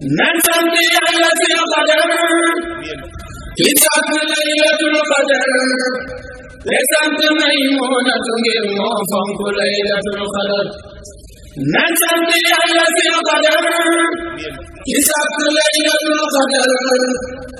من فضل ليلة القدر لسعة ليلة القدر لسعة ميمونة فوق ليلة القدر من فضل ليلة القدر لسعة ليلة القدر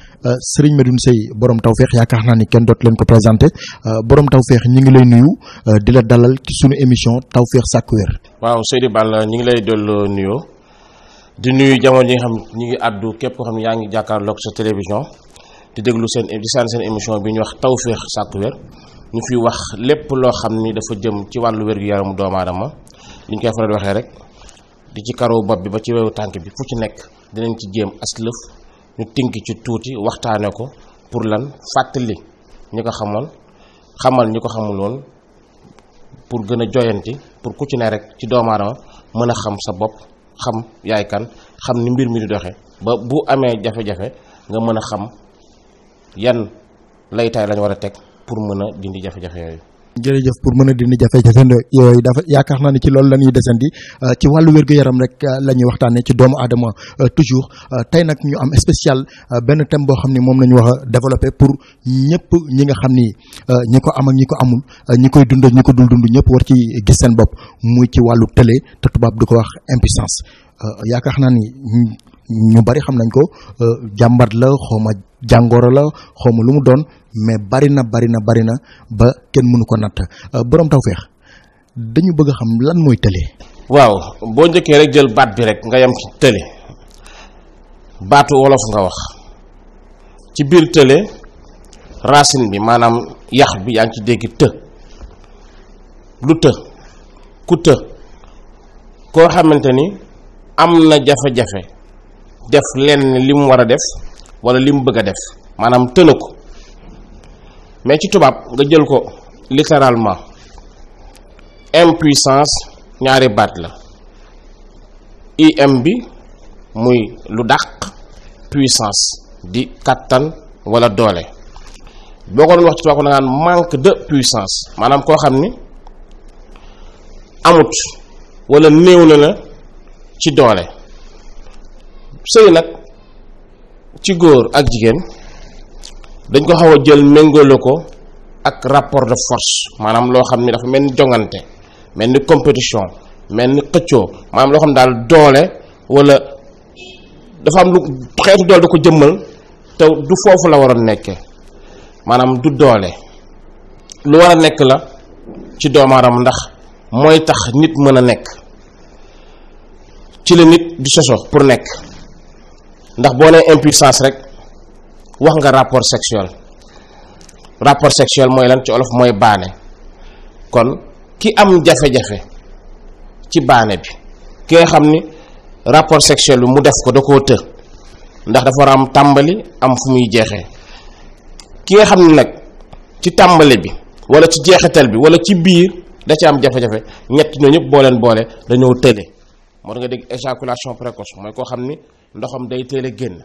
Euh, Serigne Medoune sey borom tawfiq yakar naa ni kenn doot leen ko présenté euh, borom tawfiq ñi ngi lay nuyu euh, di la dalal ci sunu émission tawfiq sàkku wér. waaw Seydi Balla ñi ngi lay dellu nuyu di nuyu jamono yi nga xam ñi ngi addu képp ko xam ne yaa ngi jàkkaarloog sa télévision di déglu seen di san seen émission bi ñu wax tawfiq sàkku wér ñu fi wax lepp lo xam ni dafa jëm ci walu wér-gu-yaramu doomu aadama ñu koy faal waxe rek di ci karaw bob bi ba ci wewu tank bi fu ci nekk dinañ ci jëm asleuf ñu tënk ci tuuti waxtaane ko pour lan fàttali ñi ko xamoon xamal ñi ko xamul woon pour gën a joyanti pour ku ci ne rek ci doomu aadama mën a xam sa bopp xam yaay kan xam ni mbir mi di doxe ba bu amee jafe-jafe nga mën a xam yan laytaay lañ war a teg pour mën a dindi jafe-jafe yooyu jërëjëf pour mën a dindi jafe-jafe yooyu dafa yaakaar naa ne ci loolu la ñuy desandi euh, ci wàllu wér-gu-yaram rek euh, lañuy ñuy waxtaanee ci doomu aadama euh, toujours tey nag ñu am spécial benn thème boo xam ne moom la ñu wax a développé pour ñëpp ñi nga xam ni ñi ko am ñi ko amul ñi koy dund ak ñi ko dul dund ñëpp war ci gis seen bopp muy ci wàllu télé te tubaab du ko wax impuissance yaakaar naa ni ñu bari xam nañ ko jàmbat la xawma jàngoro la xawma lu mu doon mais bari na bari na bari na ba kenn mënu ko natt euh, borom tawféex dañu bëgg a xam lan mooy télé. waaw boo njëkkee rek jël baat bi rek nga yem ci télé baatu wolof nga wax ci biir tële racine bi maanaam yax bi yaa ngi ci dégg të lu të ku të koo xamante ni am na jafe-jafe def lenn li mu war a def wala li mu bëgg a def maanaam tëna ko mais ci tubaab nga jël ko littéralement impuissance ñaari baat la im bi muy lu dàq puissance di kattan wala doole boo ko doon wax ci tubaab ko na naan manque puissance maanaam koo xam ni amut wala néew na la ci doole sëy nag ci góor ak jigéen dañ ko xawa jël mengolo ko ak rapport de force manam lo xamni dafa melni ni jongante mel ni compétition mel ni manam lo xam dal doole wala dafa am lu xeetu doole da ko jëmmal te du fofu la waroon nekké manam du doole lu wara a nekk la ci doomaaram ndax moy tax nit mën nek nekk ci le nit du soso pour nekk ndax bo né impuissance rek wax nga rapport sexuel rapport sexuel mooy lan ci olof mooy baane kon ki am jafe-jafe ci baane bi ki nga xam ni rapport sexuel bi mu def ko da koo të ndax dafa war am tàmbali am fu muy jeexee ki nga xam ni nag ci tàmbali bi wala ci jeexital bi wala ci biir da ci am jafe-jafe ñett ñoo ñëpp booleen boole dañoo tële moo tax nga dégg éjaculation précoce mooy koo xam ni ndoxam day teel a génn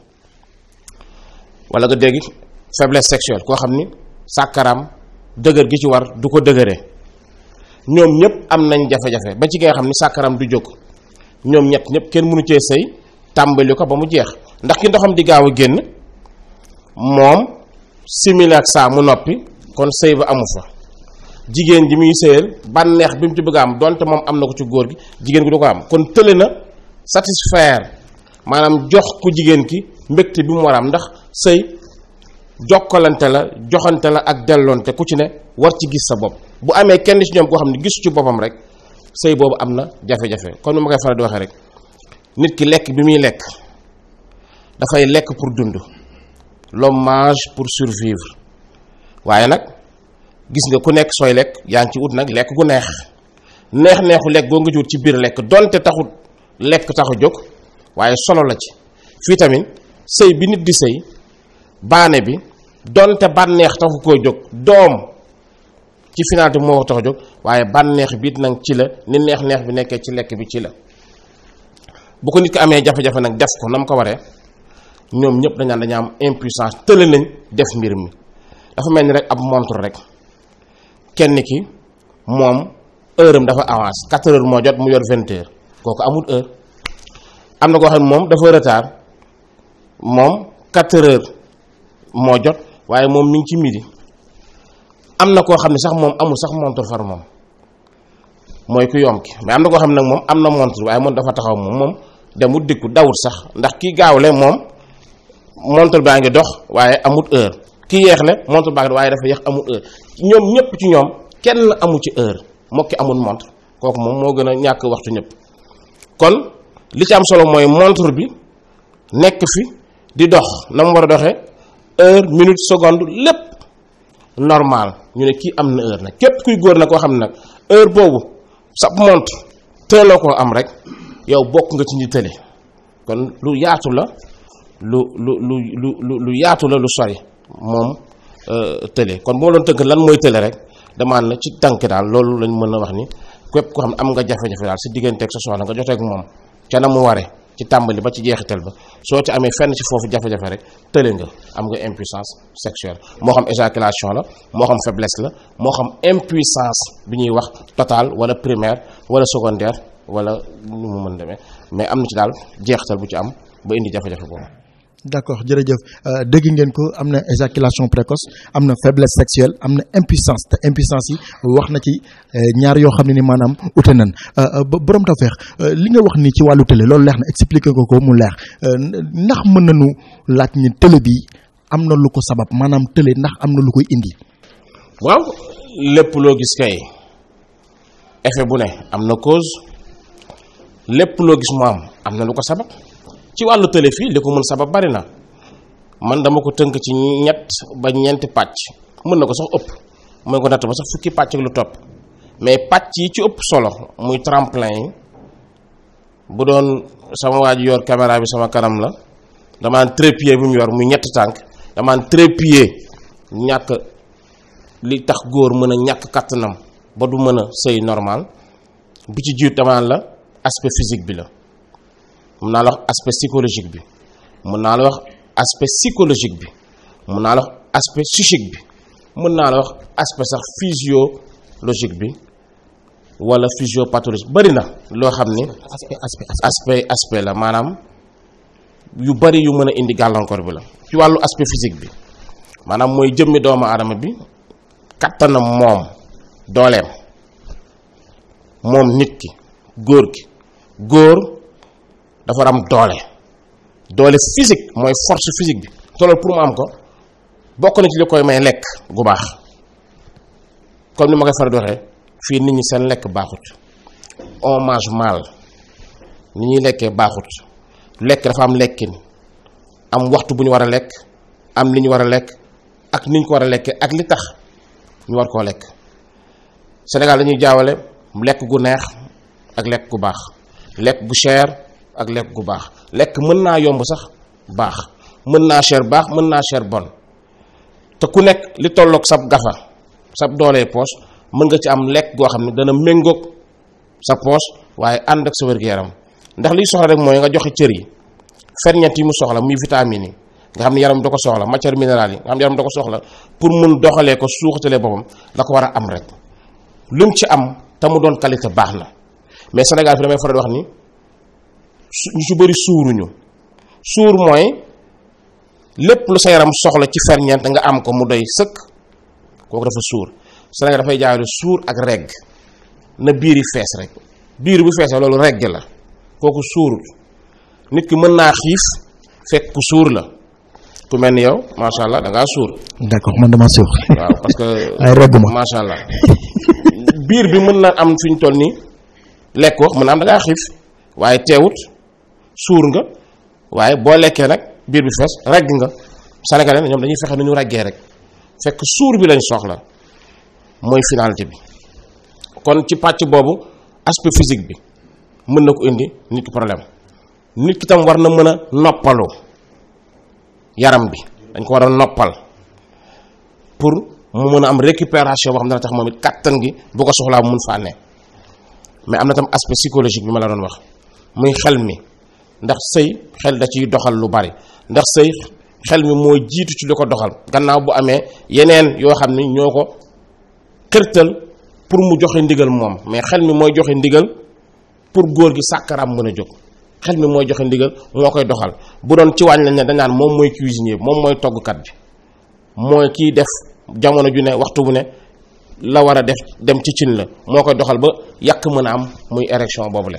wala nga dégg faiblesse sexuelle koo xam ni sàkkaraam dëgër gi ci war du ko dëgëree ñoom ñëpp am nañ jafe-jafe ba ci nga xam ni sàkkaraam du jóg ñoom ñett ñëpp kenn mënu cee sëy tàmbali ko ba mu jeex ndax ki ndoxam di gaaw a génn moom simili ak saa mu noppi kon sëy ba amu fa jigéen ji muy sëyal bànneex bi mu ci bëgg a am donte moom am na ko ci góor gi jigéen gi du ko am kon tële na satisfaire maanaam jox ku jigéen ki mbégte bi mu war am ndax sëy jokkalante la joxante la ak delloonte ku ci ne war ci gis sa bopp bu amee kenn ci ñoom koo xam ne gisu ci boppam rek sëy boobu am na jafe-jafe comme ni ma koy faral di waxee rek nit ki lekk bi muy lekk dafay lekk pour dund l'homme pour survivre waaye nag gis nga ku nekk sooy lekk yaa ngi ci wut nag lekk gu neex neex neexu lekk goo nga ci ci biir lekk donte taxut lekk taxu jóg waaye solo la ci fii tamit sëy bi nit di sëy baane bi donte bànneex taxu ko jóg doom ci finalité moo tax a jóg waaye bànneex bi nag ci la ni neex neex bi nekkee ci lekk bi ci la bu ko nit ko amee jafe-jafe nag def ko na mu ko waree ñoom ñëpp dañaan dañu am impuissance tële nañ def mbir mi dafa mel ni rek ab montre rek kenn ki moom heure am dafa avance 4 heures moo jot mu yor 20 heures kooku amul am na koo xam moom dafa moom 4 heures moo jot waaye moom mi ngi ci midi am na koo xam ne sax moom amul sax montre far moom mooy ku yomb ki mais am na koo xam ne nag moom am na montre waaye moom dafa taxaw moom moom demut dikku dawut sax ndax ki gaaw gaawle moom montre baa ngi dox waaye amut heure kii yeexle montre baa ngi waaye dafa yeex amut heure ñoom ñëpp ci ñoom kenn amu ci heure mokki amul montre kooku moom moo gën a ñàkk waxtu ñëpp kon li ci am solo mooy montre bi nekk fi di dox heure minute seconde lépp normal ñu ne kii am na heure nag képp kuy góor na koo xam ne nag heure boobu sa montre teeloo koo am rek yow bokk nga ci ñi tële kon lu yaatu la lu lu lu lu lu yaatu la lu sori moom euh, tële kon bu ma doon tënk lan mooy tële rek demaan na ci tànk daal loolu lañ mën a wax ni képp koo xam ne am nga jafe-jafe daal si digganteeg sa soxna nga joteeg moom ca na mu waree ci tàmbali ba ci jeexital ba soo ci amee fenn ci foofu jafe-jafe rek tële nga am nga impuissance sexuelle moo xam éjaculation la moo xam faiblesse la moo xam impuissance bi ñuy wax totale wala primaire wala secondaire wala nu mën demee mais am na ci daal jeexital bu ci am ba indi jafe-jafe boobu. d'accord jërëjëf euh, dégg ngeen ko amna éjaculation précoce amna faiblesse sexuelle amna impuissance te impuissance yi wax na ci euh, ñaar yo xam manam, ni maanaam ute nan euh, borom tawfeex li nga wax ni ci wàllu télé loolu leex na expliqué ko ko mu leex ndax mën nañu laaj ni télé bi am na sabab manam télé ndax amna na indi. waaw lépp lo gis kay effet bu ne am cause lépp loo gis mu am am na sabab. ci walu tele fi liko mën sabab bari na man dama ko teunk ci ñet ba ñent patch mën nako sax upp moy ko me ba sax fukki patch ak lu top mais patch ci upp solo muy tremplin bu doon sama waji yor camera bi sama karam la damaan trépied bu mu yor muy tank dama damaan trépied ñak li tax goor mëna ñak katanam ba du mëna sey normal bi ci jitt dama la aspect physique bi la mun naa wax aspect psychologique bi mun naa wax aspect psychologique bi mun naa wax aspect psychique bi mun naa wax aspect sax physiologique bi wala physiopathologique bari na lo xam aspect aspect aspect aspect la manam yu bari yu mën indi galankor bi la. ci walu aspect physique bi manam moy jëmmi doomu aadama bi kattanam mom dolem mom nit ki góor gi góor dafa am doole doole physique mooy force physique bi pour mu am ko bokk na ci li koy may lekk gu comme ni ma koy far doxe je fii nit ñi lek lekk on mange mal ni lek lekkee lek lekk dafa am lekkin am waxtu bu war am li war ak niñ war a ak li tax war Sénégal dañuy jaawale lekk gu neex ak lekk gu ak lek gu bax lek mën na yomb sax bax mën na cher bax mën na cher bon te ku nek li tolok sab gafa sab dole pos, mën nga ci am lek go xamni dana mengok sa pos waye and ak sa wér yaram ndax li soxla rek moy nga joxe cieur yi ferñeent yi mu soxla muy vitamine nga xamni yaram dako soxla matière minérale yi nga xamni yaram dako soxla pour mën doxale ko suuxatalee bopam la ko am rek lu ci am tamu don qualité mais Sénégal fi wax ni ñu ci bari suuruñu suur mooy lépp lu sa yaram soxla ci ferñeent nga am ko mu doy sëkk kooku dafa suur Sénégal dafay jaawale suur ak regg na biir yi fees rek biir bu feesee loolu regg la kooku suurul nit ki mën naa xiif fekk ku suur la ku mel ni yow macha allah da ngaa suur. d'accord man dama suur. waaw parce que ay regguma macha allah biir bi mën naa am fi ñu toll nii lekk ko mën naa am da ngaa xiif waaye teewut sour nga waye bo lekke nak bir bi fess rag nga sénégalais ñom dañuy fexé ñu raggé rek fekk sour bi lañ soxla moy finalité bi kon ci patch bobu aspect physique bi mën nako indi nit problème nit ki tam war na mën a yaram bi dañ ko war noppal pour mu mëna am récupération bo xam dana tax momit katan gi bu ko mu mën fa né mais amna tam aspect psychologique bi ma la doon wax muy xel mi ndax sëy xel da ciy doxal lu bari ndax sëy xel mi moo jiitu ci lu ko doxal gannaaw bu amee yeneen yoo xam ne ñoo ko xërtal pour mu joxe ndigal moom mais xel mi mooy joxe ndigal pour góor gi sàkkaraam mën a jóg xel mi mooy joxe ndigal moo koy doxal bu doon ci wàññ lañ ne dañaan moom mooy cuisinier moom mooy toggkat bi mooy kiy def jamono ju ne waxtu bu ne la war a def dem ci cin la moo koy doxal ba yàq mën a am muy érection boobu la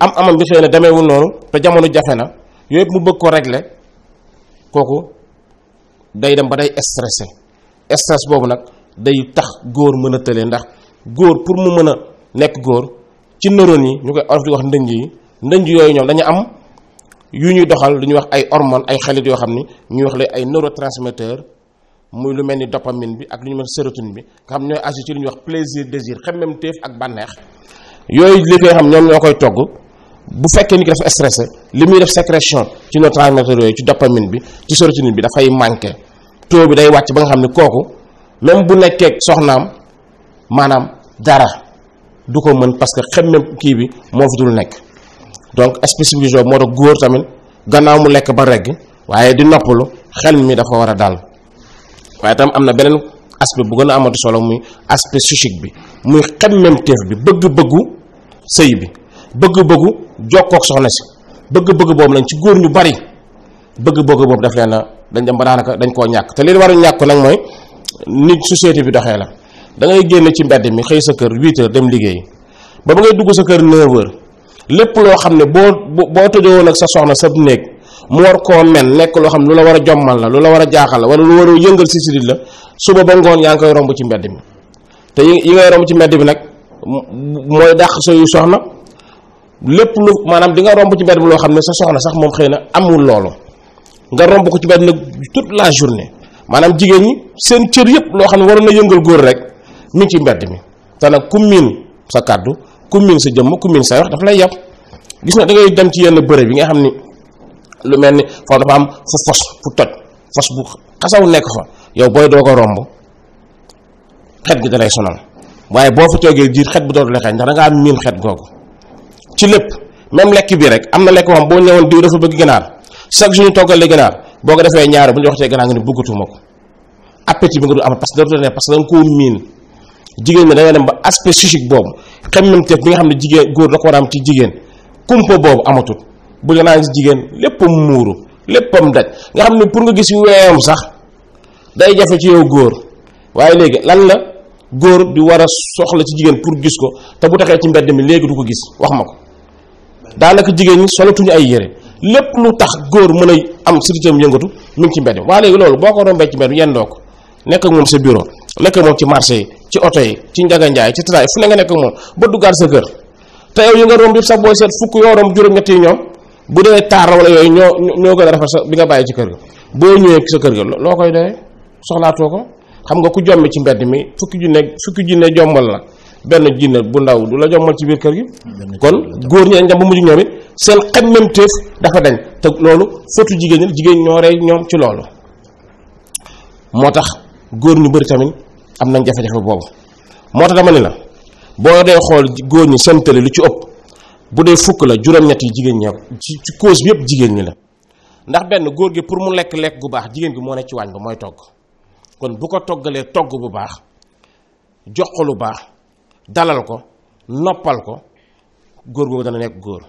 am amam bi xëy na demeewul noonu te jamono jafe na yooyu yëpp mu bëgg ko régler kooku day dem ba day stressé stress boobu nag day tax góor mën a tëlee ndax góor pour mu mën a nekk góor ci neurones yi ñu koy olof di wax ndënj yi ndënj yooyu ñoom dañu am yu ñuy doxal lu ñu wax ay hormones ay xalit yoo xam ni ñuy wax lay ay neurotransmetteur muy lu mel ni dopamine bi ak lu ñu mel sérotonine bi nga xam ñooy agir ci lu ñuy wax plaisir désir xemmemteef ak bànneex yooyu li koy xam ñoom ñoo koy togg bu fekkee nit ki dafa stressé li muy def sécrétion ci neurotransmetteurs yooyu ci dopamine bi ci sérotonine bi dafay manqué taux bi day wàcc ba nga xam ne kooku même bu nekkee soxnaam maanaam dara du ko mën parce que xemmem kii bi moo fi nekk donc spécifique moo tax góor tamit gannaaw mu lekk ba regg waaye di noppalu xel mi dafa war a dal waaye tam am na beneen aspect bu gën a amatu solo muy aspect psychique bi mu xemmemteef bi bëgg-bëggu sëy bi bëgg-bëggu jokkook soxna si bëgg-bëgg boobu nag ci góor ñu bari bëgg-bëgg boobu def leen a dañ dem ba daanaka dañ koo ñàkk te li war a ñàkk nag mooy nit société bi doxee la da ngay génn ci mbedd mi xëy sa kër 8 dem liggéey ba ba ngay dugg sa kër 9 lépp loo xam ne boo boo tëjowoon nag sa soxna sa néeg mu war koo men nekk loo xam ne lu la war a jommal la lu la war a jaaxal la wala lu war yëngal si sidit la suba ba ngoon yaa ngi koy romb ci mbedd mi ngay romb mooy dàq sëyu soxna lépp lu maanaam di nga romb ci mbedd mi loo xam ne sa soxna sax moom xëy na amul loolu nga romb ko ci mbedd nag la journée maanaam jigéen ñi seen cër yëpp loo xam ne waroon na yëngal góor rek mi ci mbedd mi te nag ku miin sa kàddu ku miin sa jëmm ku miin say wax dafa lay yàpp gis na da ngay dem ci yenn bërëb yi nga xam ni lu mel ni foofu dafa am fu fos fu toj fos bu xasaw nekk fa yow booy doo ko romb xet gi dalay sonal waaye boo fa toogee diir xet bu dootu la xeeñ ndax da ngaa miin xet googu ci lépp même lekk bi rek am na lekk moom boo ñëwoon diw dafa bëgg ganaar chaque jour ñu toggal la ganaar boo ko defee ñaar bu ñu waxtee ganaar nga ne bëggatuma ko appétit bi nga am parce que dootu la ne parce ñi da dem ba aspect psychique boobu xemmemteef bi nga xam ne jigéen góor da ko war am ci jigéen kumpa boobu amatul bu ganaar gis jigéen léppam muuru léppam daj nga xam ne pour nga gis weeyam sax day jafe ci yow góor waaye léegi góor di war a soxla ci jigéen pour gis ko te bu taxee ci mbedd mi léegi du ko gis wax ma ko daanaka jigéen ñi solatuñu ay yére lépp lu tax góor mën a am siritam yëngatu mu ngi ci mbedd mi waa léegi loolu boo ko rombee ci mbedd mi yendoo ko nekk ak moom sa bureau nekk moom ci marché yi ci oto yi ci njaga njaay ci tataay fu ne nga nekk ak moom ba duggaat sa kër te yow yi nga romb yëpp sa booy seet fukk yoo romb juróom-ñett yi ñoom bu dee taar la wala yooyu ñoo ñoo gën sa bi nga bàyyi ci kër ga boo ñëwee sa kër ga loo koy doyee soxlaatoo ko xam nga ku jomme ci mbedd mi fukki junne fukki junne jommal la benn jinne bu ndaw du la jommal ci biir kër gi kon góor ñi dem ba mujj ñoom it seen xemmemteef dafa dañ te loolu fëtu jigéen ñi jigéen ñoo rey ñoom ci loolu moo tax góor ñu bari tamit am nañ jafe-jafe boobu moo tax dama ni la boo dee xool góor ñi seen tële lu ci ëpp bu dee fukk la juróom-ñett yi jigéen ñi ci ci cause bi yëpp jigéen ñi la ndax benn góor gi pour mu lekk lekk gu baax jigéen gi moo ne ci waañ ba mooy togg kon bu ko toggalé togg bu baax jox ko lu baax dalal ko noppal ko gor googu dana nek gor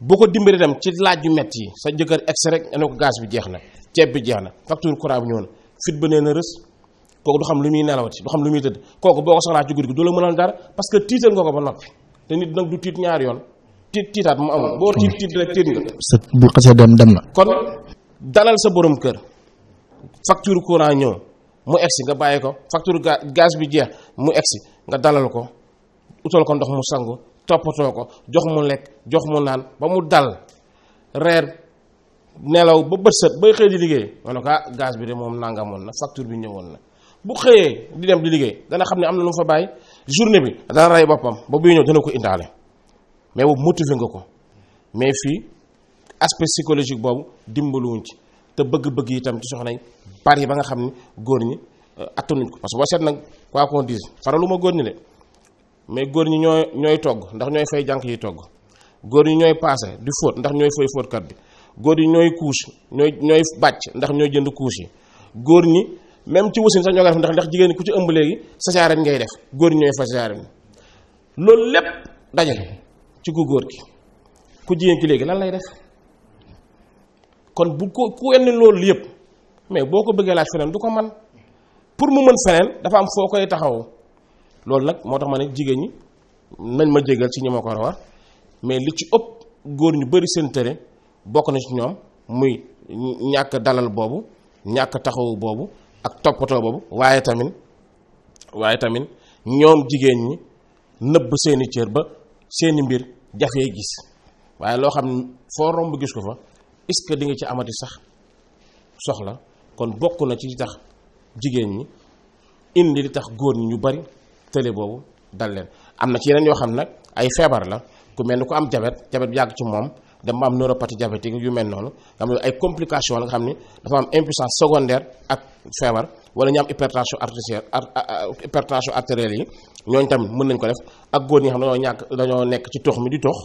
bu ko dimbali dem ci laaj yu metti sa jëkër ex rek ne ko gaz bi jeex na ceeb bi jeex na facture courant bi ñu won fit bu neena reus koku du xam lu muy nelawati du xam lu muy teud koku boko soxla ci guddi gi do la mënal dara parce que titel nga ko ba nopi te nit nak du tit ñaar yoon tit titat mu amul bo tit tit rek tit nga sa bu xasse dem dem na kon dalal sa borom kër facture courant ñoo mu egsi nga bàyyi ko facture gaz bi jeex mu egsi nga dalal ko utal ko ndox mu sangu toppatoo ko jox mu lekk jox mu naan ba mu dal reer nelaw ba bët set bay xëy di liggéey nga ne ko ah gaz bi de moom nangamoon na facture bi ñëwoon na bu xëyee di dem di liggéey dana xam ne am na lu mu fa bàyyi journée bi dana rey boppam ba buy ñëw dana ko indaale mais boobu motivé nga ko mais fii aspect psychologique boobu dimbaluwuñ ci te bëgg-bëgg itam ci soxna yi bari ba nga xam ni góor ñi euh, attanuñ ko parce que boo seet nag quoi qu'on dise lu ma góor ñi de mais góor ñi ñooy ñooy togg ndax ñooy fay jànq yi togg góor ñi ñooy paase di fóot ndax ñooy bi góor ñi ñooy couche ñooy ñooy bàcc ndax ñooy jënd couche yi góor ñi même ci wasin sax ñoo ko def ndax ndax jigéen ku ci ëmb léegi césarienne ngay def góor ñi ñooy fa césarienne loolu lépp dajale ci ku góor ki ku jigéen ki léegi lan lay def kon bu ko ku wenn loolu yëpp mais boo ko bëggee laaj feneen du ko man pour mu mën feneen dafa am foo koy taxaw loolu nag moo tax ma ne jigéen ñi nañ ma jégal ci ñi ma ko war mais li ci ëpp góor ñu bëri seen tëre bokk na ci ñoom muy ñàkk dalal boobu ñàkk taxawu boobu ak toppatoo boobu waaye tamit waaye tamit ñoom jigéen ñi nëbb seeni cër ba seeni mbir jafee gis waaye loo xam ne foo romb gis ko fa est-ce que di nga ci amati sax soxla kon bokk na ci tax jigéen ñi indi li tax góor ñi ñu bari télé boobu dal leen am na ci yeneen yoo xam nag ay feebar la ku mel ni ku am jabet jabet yàgg ci moom dem ba am neuropathie diabétique yu mel noonu nga xam ne ay complications la nga xam ni dafa am impuissance secondaire ak feebar wala ñu am hypertension artérielle hypertension artérielle yi ñooñ tamit mën nañ ko def ak góor ñi xam ne dañoo ñàkk dañoo nekk ci toox mi di tox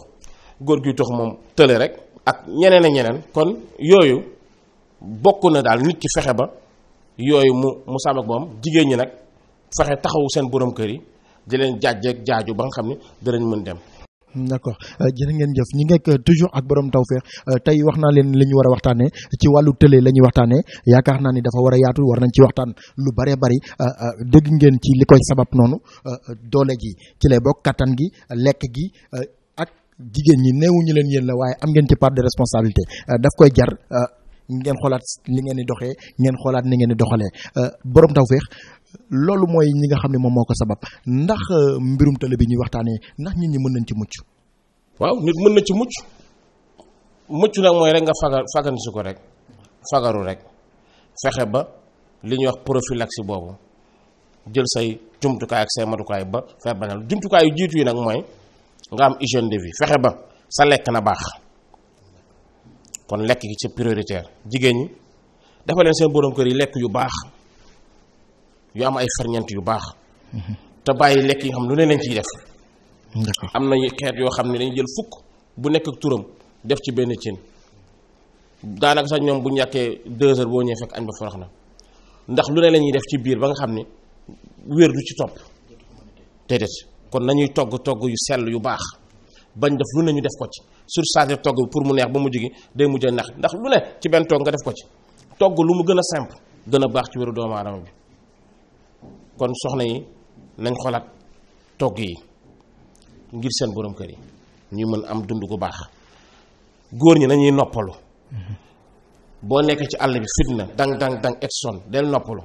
góor gi tox moom tële rek. ak ñeneen ak ñeneen kon yooyu bokk na daal nit ki fexe ba yooyu mu mu sàmm ak jigéen ñi nag fexe taxawu seen borom kër yi di leen jaajëk jaaju ba nga xam ne danañ mën dem. d'accord euh, jërë ngeen jëf ñi nekk euh, toujours ak borom tawfeex euh, tey wax naa leen li ñu war a waxtaanee ci wàllu télé la ñuy waxtaanee yaakaar naa ni dafa war a yaatu war nañ ci waxtaan lu bëree bari dégg ngeen ci li koy sabab noonu doole ji ci lay bokk kattan gi lekk gi. jigen ñi ñu leen yeen la waye am ngeen ci part de responsabilité euh, daf koy jar ngeen euh, xolaat li ngeen di doxé ngeen xolaat ni ngeen di doxalé euh, borom tawféex lolu moy ñi nga xamni mom moko sabab ndax mbirum tele bi ñi waxtane ndax ñi ñi mën nañ ci muccu waaw nit mën na ci muccu muccu nak moy rek nga fagar su ko rek fagaru rek fexé ba li ñu wax prophylaxie bobu jël say kay ak say kay ba fexe banal kay yu jitu yi nak moy nga am hygiène de vie fexe ba sa lekk na baax kon lekk gi c'est prioritaire jigéen ñi dafa leen seen boroom kër yi lekk yu baax yu am ay ferñeent yu baax mhm. te bàyyi lekk yi nga xam lu ne lañ ciy def am na xeet yoo xam ne dañu jël fukk bu nekk ak turam def ci benn cin daanaka sax ñoom bu ñu yàkkee deux boo ñëwee fekk añ ba forox na ndax lu ne la ñuy def ci biir ba nga xam ni wér du ci topp déedéet kon nañuy togg togg yu sell yu baax bañ def lu ne ñu def ko ci def togg pour mu neex ba mu jigi day mujj neex ndax lu ne ci ben togg nga def ko ci togg lu mu gëna simple gëna baax ci wëru doom adam bi kon soxna yi nañ xolat togg yi ngir seen borom kër yi ñu mën am dund gu baax goor ñi nañuy noppalu mhm. bo nekkee ci àll bi fitna dang dang dang exxon del noppalu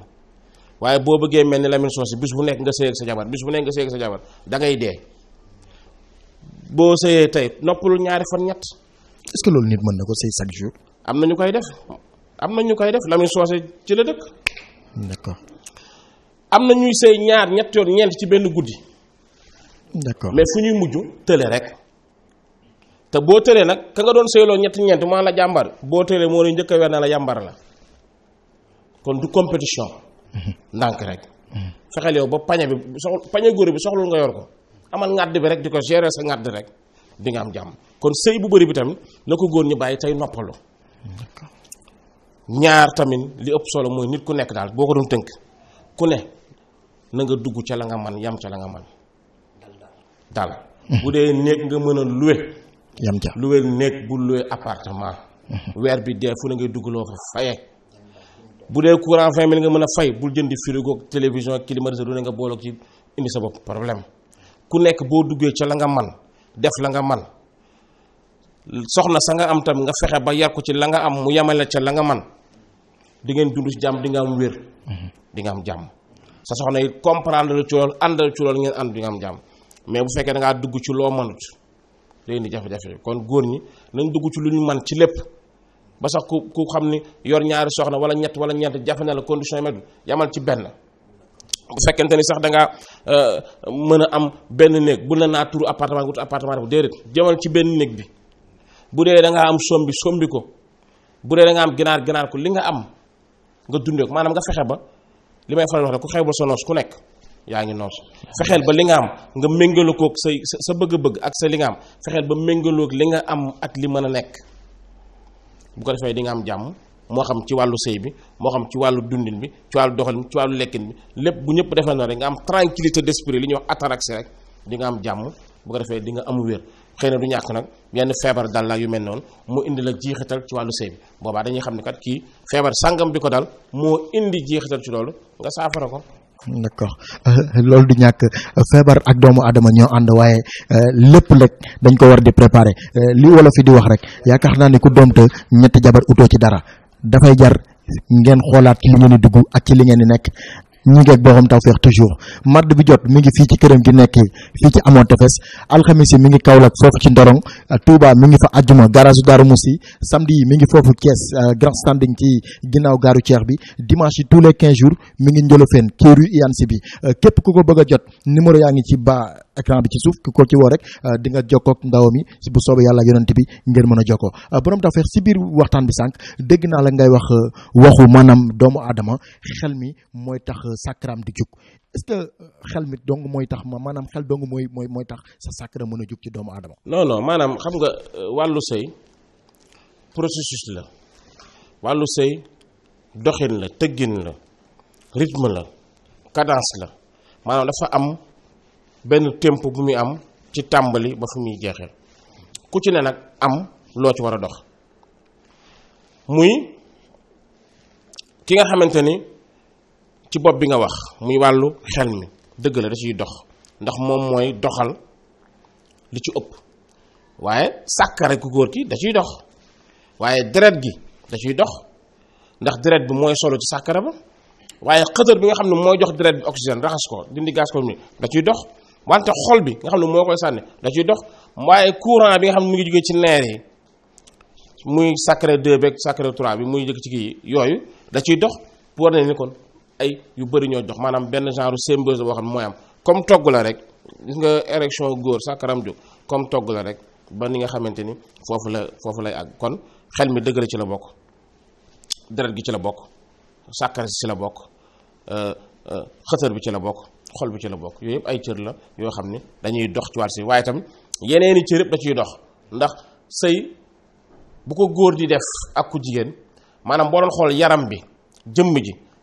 waaye boo bëggee mel ni Lamine Socé bis bu nekk nga sëy ak sa jabar bis bu nekk nga sëy ak sa jabar da dee boo sëyee tey noppalul ñaari fan ñett. est-ce loolu nit mën na ko sëy chaque jour. am na ñu koy def am na ñu koy def Lamine soose ci la dëkk. am na ñuy sëy ñaar ñett yoon ñeent ci benn guddi. d'accord mais fu ñuy mujj tële rek. te boo tëlee nag ka nga doon sëyloo ñett ñeent maa la jàmbar boo tëlee moo lay njëkk a weer na la yàmbar la kon du compétition ndànk rek fexeel yow ba pañe bi soxla pañe góor bi soxlul nga yor ko amal ngàdd bi rek di ko gérer sa ngàdd rek di nga am jàmm kon sëy bu bëri bi tamit na ko góor ñu bàyyi tey noppalu ñaar tamit li ëpp solo mooy nit ku nekk daal boo ko doon tënk ku ne na nga dugg ca la nga man yam ca la nga man daal hmm. bu dee néeg nga mën a luwe yam ca luweel néeg bu luwe appartement hmm. weer bi dee fu ne ngay dugg loo ko budé kurang courant 20 mille nga mëna fay bu jënd frigo télévision climatiseur nga bolo ci indi sa bop problème ku nekk bo duggé ci la nga man def la nga man soxna sa nga am tam nga fexé ba yar ko ci la nga am mu yemale ci la nga man di ngeen dund jam di nga am wër mm-hmm. di nga am jam sa soxna yi comprendre ci lol andal ci lol ngeen and di nga am jam mais bu fekké da nga dugg ci lo manut day ni jafé jafé kon goor ñi nañ dugg ci lu man ci lepp ba sax ku ku ni yor ñaari soxna wala ñet wala ñeent jafe la condition yi yamal ci ben bu fekkente ni sax da nga euh am ben néeg bu la na turu appartement gu appartement bu dedet ci ben bi bu de da nga am sombi sombi ko bu de da nga am ginar ginar ko li nga am nga dundé ko manam nga lima ba limay may faral wax rek ku xeybul so nos ku nek yaangi nos fexel ba li nga am nga méngaloo ko sa sa bëgg-bëgg ak sa li nga am fexel ba ak li nga am ak li mën nek bu ko defee di nga am jàmm moo xam ci wàllu sëy bi moo xam ci wàllu dundin bi ci wàllu doxalin ci wàllu lekkin bi lépp bu ñëpp defee na rek nga am tranquillité d'esprit li ñuy wax ataraxie rek di nga am jàmm bu ko defee di nga am wér xëy na du ñàkk nag yenn feebar dal la yu mel noonu moo indi la jeexital ci wàllu sëy bi boobaa dañuy xam ne kat kii feebar sàngam bi ko dal moo indi jeexital ci loolu nga saafara ko d'accord euh, loolu du ñàkk feebar ak doomu aadama ñoo ànd waaye euh, lépp rek dañ ko war di préparer euh, li wala fi di wax rek yaakaar naa ni ku doom te ñetti jabar utoo ci dara dafay jar ngeen xoolaat ci li ngeen di dugg ak ci li ngeen di nekk ñu ngi ak borom tawféex toujours madd bi jot mi ngi fii ci këram gi nekk fii ci amoon tefes alxamis yi mi ngi Kaolack foofu ci Ndorong Touba mi ngi fa ajjuma garage Daaru Musi samedi yi mi ngi foofu Thiès euh, grand standing ci ginnaaw gaaru Thiès bi dimanche tous les quinze jours mi ngi njëlofeen kéeru iyansi bi euh, képp ku ko bëgg a jot numéro yaa ngi ci ba écran bi ci suuf ki ko ci woo rek euh, di nga jokkook ndaw mi bu soobee yàlla yonent bi ngeen mën a jokkoo bo tawféex si biir waxtaan bi sànq dégg naa la ngay wax waxu maanaam doomu aadama Sakram di juk est ce euh, xel mi dong moy tax ma manam xel dong moy moy moy tax sa sakra meuna juk ci doomu adama non non manam xam nga euh, walu sey processus la walu sey doxin la la rythme la cadence la manam dafa am ben tempo bu mi am ci tambali ba fu mi jexé ku ci ne nak am lo ci wara dox muy ki nga xamanteni ci bopp bi nga wax muy wàllu xel mi dëgg la da ciy dox ndax moom mooy doxal li ci ëpp waaye sàkkare ku góor ki da ciy dox waaye deret gi da ciy dox ndax deret bi mooy solo ci sàkkare ba waaye xëtër bi nga xam ne mooy jox deret bi oxygène raxas ko dindi gaz ko ni da ciy dox wante xol bi nga xam ne moo koy sànni da ciy dox waaye courant bi nga xam ne mu ngi jógee ci neer yi muy sacré 2 beeg sacré 3 bi muy jëkk ci kii yooyu da ciy dox pour war ay yu bëri ñoo jox maanaam benn genre symbiose boo xam ne mooy am comme togg la rek gis nga érection góor sàkkaram jóg comme togg la rek ba ni nga xamante ni foofu la foofu lay àgg kon xel mi dëgër ci la bokk deret gi ci la bokk sàkkar si ci la bokk euh, euh, xëtër bi ci la bokk xol bi ci la bokk yooyu yëpp ay cër la yoo xam ne dañuy dox ci wàll si waaye tam yeneeni cër yëpp da ciy dox ndax sëy bu ko góor di def ak ku jigéen maanaam boo doon xool yaram bi jëmm ji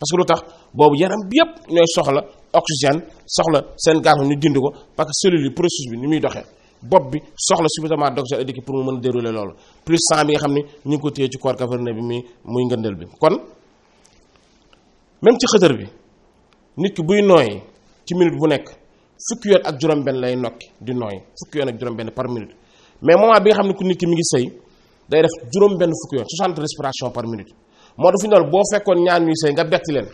parce que lu bobu yaram bi yep ñoy soxla oxygène soxla sen gaz ñu dindi ko parce que cellule processus bi ni muy doxé bopp bi soxla suffisamment d'oxygène aédique pour mu mën dérouler loolu plus sang bi nga xamni ne ñu ko téye ci corps caverneux bi muy muy ngëndal bi kon même ci xëtër bi nit ki buy nooyi ci minute bu nek fukki yoon ak juroom ben lay nokki di nooyi fukki yoon ak juroom ben par minute mais moment bi nga xamni ku nit ki mi ngi sey day def juroom ben fukki yoon 60 respiration par minute modou dafa ñu doon boo fekkoon ñaar ñuy nga bett leen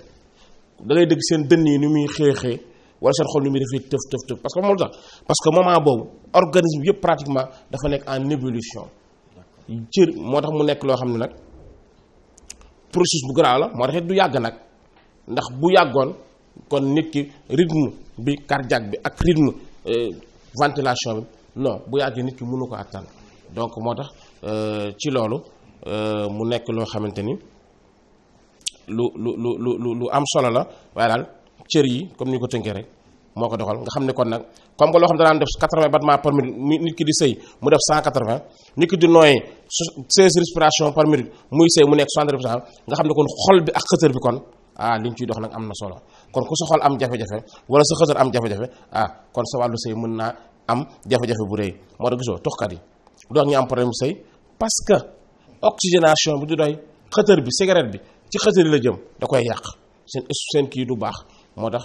da ngay dégg seen dënn yi ni muy xeexee wala seen xol ni muy defee teuf teuf teuf parce que moom tax parce que moment bobu organisme yépp pratiquement dafa nek en évolution ciir motax mu nek lo xam nak nag processus bu garaaw la moo tax du yag nak ndax bu yagone kon nit ki rythme bi cardiaque bi ak rythme euh, ventilation bi non bu yàggee nit ki mënu ko attan donc motax euh, ci lolu euh, mu nek lo xamanteni lu lu lu lu lu am solo la waaye daal cër yi comme ni ko tënkee rek moo ko doxal nga xam ne kon nag comme que loo xam ne daan def 80 battements par minute nit ki di sëy mu def 180 nit ki di nooy 16 respiration par minute muy sëy mu nekk 60 pour cent nga xam ne kon xol bi ak xëtër bi kon ah li ñu ciy dox nag am na solo kon ku sa xol am jafe-jafe wala sa xëtër am jafe-jafe ah kon sa wàllu sëy mën naa am jafe-jafe bu rëy moo tax gisoo tuxkat yi doon ñu am problème mu sëy parce que oxygénation bi du doy xëtër bi cigarette bi. ci xasida la jëm da koy yàq seen seen kii du baax moo tax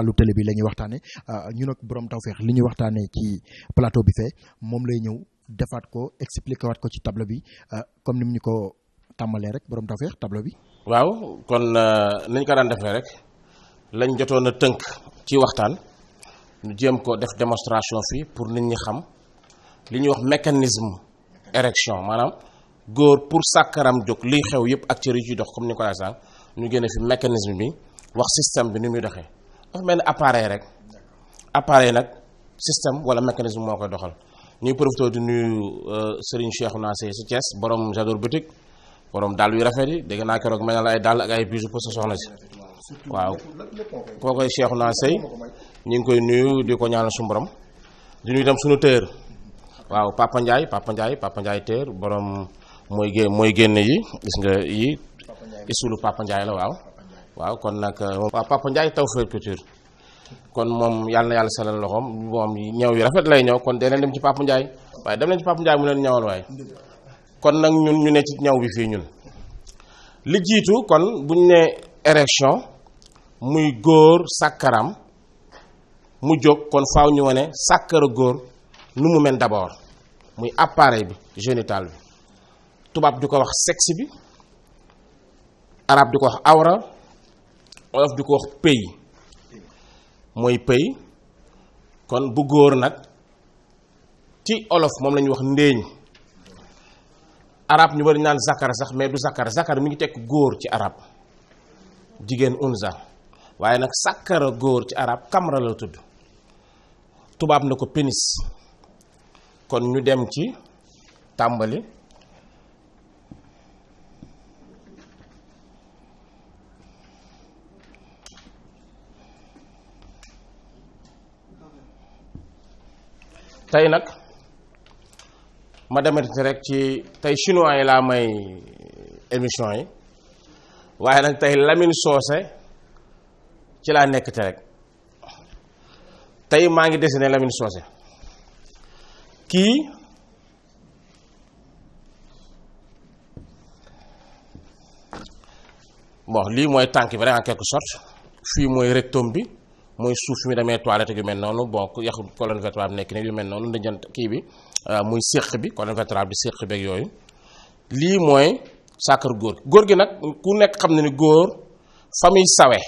ci télé bi la ñuy euh, ñun ak borom tawfeex li ñuy ci plateau bi fee mom lay ñëw defaat ko expliquer waat ko ci tableau bi euh, comme ni ko tamalé rek borom tawfeex tableau bi waaw kon euh, nañ ko daan defee rek lañ jottona teunk ci waxtaan ñu jëm ko def démonstration fi pour nit ñi xam li ñuy wax mécanisme érection manam góor pour sakaram jóg li xew yëpp ak ci yi ciy dox comme ni ko la sànq ñu génne fi mécanisme bi wax système bi ni muy doxé dafa mel ni appareil rek appareil nag système wala mécanisme moo koy doxal ñuy profité di nuyu euh, Serigne Cheikhouna Seye si Thiès borom Jador boutique borom dàll yu rafet yi dégg naa keroog mel na la ay dàll ak ay bijoux pour sa soxna si waaw koo koy Cheikhouna Seye ñu ngi koy nuyu di ko ñaanal suñu borom di nuyu itam suñu téer waaw Papa Ndiaye Papa Ndiaye Papa borom mooy génn mooy génn yi gis nga yi isulu Papa Ndiaye la waaw waaw kon nag euh, waa njaay Ndiaye Tawfekh Couture kon moom yàlla na yàlla selal loxoom moom ñëw yu rafet lay ñëw kon dee leen dem ci Papa Ndiaye waaye dem leen ci Papa Ndiaye mu leen ñëwal waaye kon nag ñun ñu ne ci ñaw bi fii ñun li jiitu kon buñ ne érection muy góor sàkkaram mu jóg kon faaw ñu wane sàkkara góor nu mu mel d'abord muy appareil bi génital bi tubaab di ko wax sexe bi arab di ko wax awra olof di ko wax pëy mooy pëy kon bu góor nag ci olof moom lañuy wax ndéeñ arab ñu bari naan zakar sax mais du zakar zakar mi ngi tekk góor ci arab jigéen unza waaye nag sakkara góor ci arab kamra la tudd tubaab na ko pénis kon ñu dem ci tàmbali tey nag ma demati rek ci tey chinois yi laa may émission yi waaye nag tey Lamine Socé ci laa nekk te rek tey maa ngi dessiné Lamine soose kii bon lii mooy tànk bi rek en quelque sorte fii mooy rectum bi muy suuf mi demee toilette yu mel noonu bon yaxu colonne vertébrale nekk nii yu mel noonu ndëjant kii bi euh, muy séq bi colonne vertébrale bi séq beeg yooyu lii mooy sàkkar góor gi góor gi nag ku nekk xam na ni góor fa muy sawe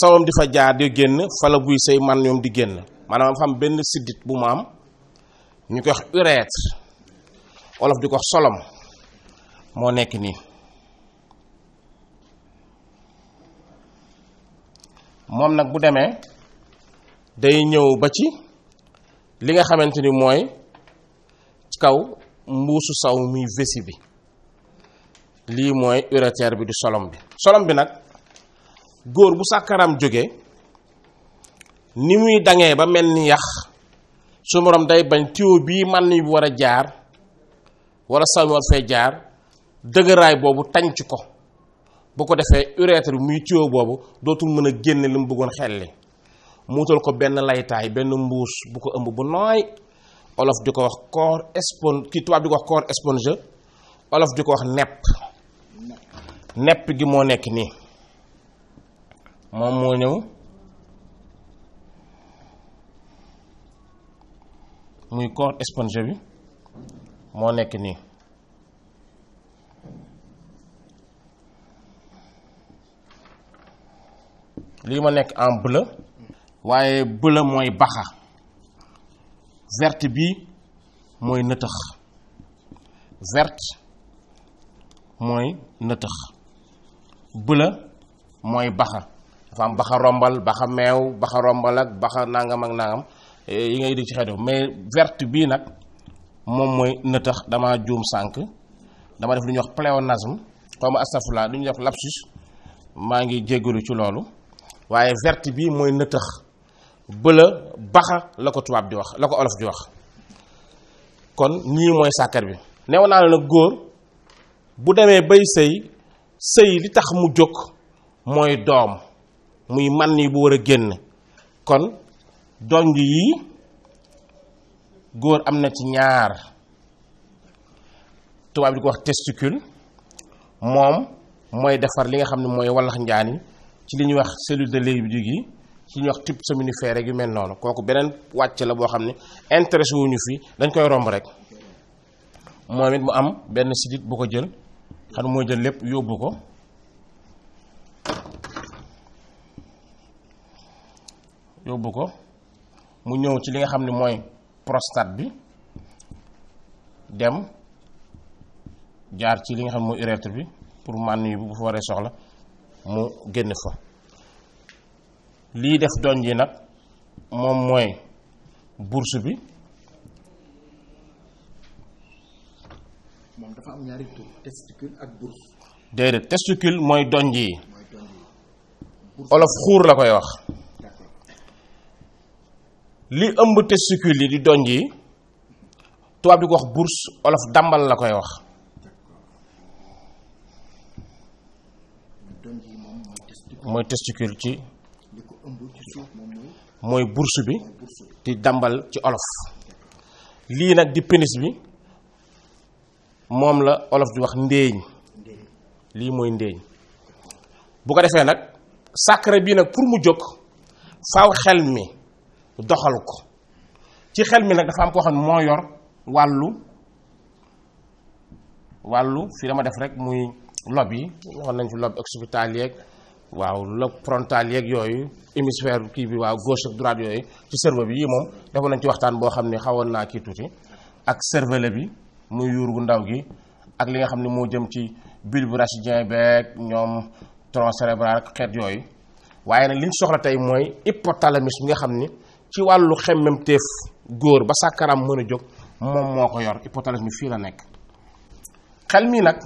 sawam di fa jaar di génn fa la buy say man ñoom di génn maanaam fa am benn siddit bu maam ñu koy wax urètre olof di ko wax solom moo nekk nii moom nag bu demee day ñëw ba ci li nga xamante ni mooy kaw mbuusu saw muy vessie bi lii mooy urétère bi di solom bi solom bi nag góor bu sàkkaram jóge ni muy dangee ba mel ni yax su moroom day bañ tiwo bii man ni war a jaar wala saw mi war fee jaar dëgëraay boobu tañc ko bu ko defee bi muy tuyau boobu dootul mën a génne li mu bëggoon mu muutal ko benn laytaay benn mbuus bu ko ëmb bu nooy olof di ko wax corps spon ki tubaab di ko wax corps sponge olof di ko wax nepp nepp gi moo nekk nii moom moo ñëw muy corps sponge bi moo nekk nii lii ma nekk en bleu waaye bleu mooy baxa vert bi mooy nëtëx verte mooy nëtëx bleu mooy baxa dafa am baxa rombal baxa meew baxa rombal ak baxa nangam ak nangam eh, yi ngay dégg ci xeetu mais verte bii nag moom mooy nëtëx dama juum sànk dama def lu ñuy wax pléonasme xaw ma astafurla lu ñuy wax lapsus maa ngi jéggalu ci loolu waaye verte bi mooy nëtëx bëla baxa la ko tubaab di wax la ko olof di wax kon ñii mooy sàkkar bi neew naa la nag góor bu demee bay sëy sëy li tax mu jóg mooy doom muy man yi bu war a génn kon doom yi góor am na ci ñaar tubaab di ko wax testicule moom mooy defar li nga xam ne mooy wallax njaani ci li ñuy wax cellule de léegi yi ci ñuy wax type somnifère rek yu mel noonu kooku beneen wàcc la boo xam ne intéressé wuñu fi dañ koy romb rek moom it mu am benn sidit bu ko jël xam moo jël lépp yóbbu ko yóbbu ko mu ñëw ci li nga xam ne mooy prostate bi dem jaar ci li nga xam ne mooy urètre bi pour mànn yi bu fa waree soxla mu génn fa lii def doñ ji nag moom mooy bourse bi moom dafa am ñaari tur testicule ak bourse déedéet testicule mooy doñ ji olof xuur la koy wax li ëmb testicule yi di doñ ji tubaab di ko wax bourse olof dambal la koy wax mooy testicule ci mooy bourse bi di dàmbal ci olof lii nag di pénis bi moom la olof di wax ndéeñ lii mooy ndéeñ bu ko defee nag sàkkara bii nag pour mu jóg faaw xel mi doxal ko ci xel mi nag dafa am koo xam ne moo yor wàllu wàllu fii dama def rek muy lob yi waxoon nañ fi lob occipital yeeg waaw la frontal yeeg yooyu hémisphère kii bi waaw gauche ak droite yooyu ci cerveau bi yii moom defoon nañ ci waxtaan boo xam ni xawoon naa kii tuuti ak cervelet bi muy yuur gu ndaw gi ak li nga xam ne moo jëm ci bulbe rachidien beeg ñoom tronc cérébral xeet yooyu waaye nag li ñu soxla tey mooy hypothalamus bi nga xam ni ci wàllu xemmem góor ba sàkkaram mën a jóg moom moo ko yor hypothalamus mi fii la nekk xel mi nag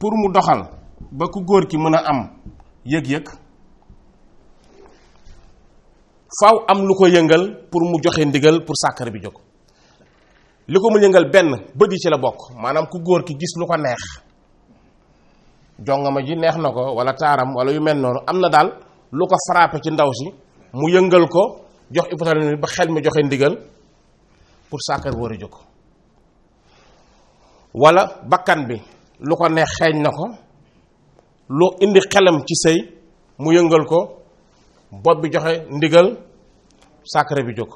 pour mu doxal ba ku góor ki mën a am yëg-yëg faw am lu ko yëngal pour mu joxe ndigal pour sàkkar bi jóg li ko mu yëngal benn bët yi ci la bokk maanaam ku góor ki gis lu ko neex jongama ji neex na ko wala taaram wala yu mel noonu am na daal lu ko frappé ci ndaw si mu yëngal ko jox hypothalamus ba xel mi joxe ndigal pour sàkkar war a jóg wala bakkan bi lu ko neex xeeñ na ko lu indi xelam ci sëy mu yëngal ko bopp bi joxe ndigal sacré bi jóg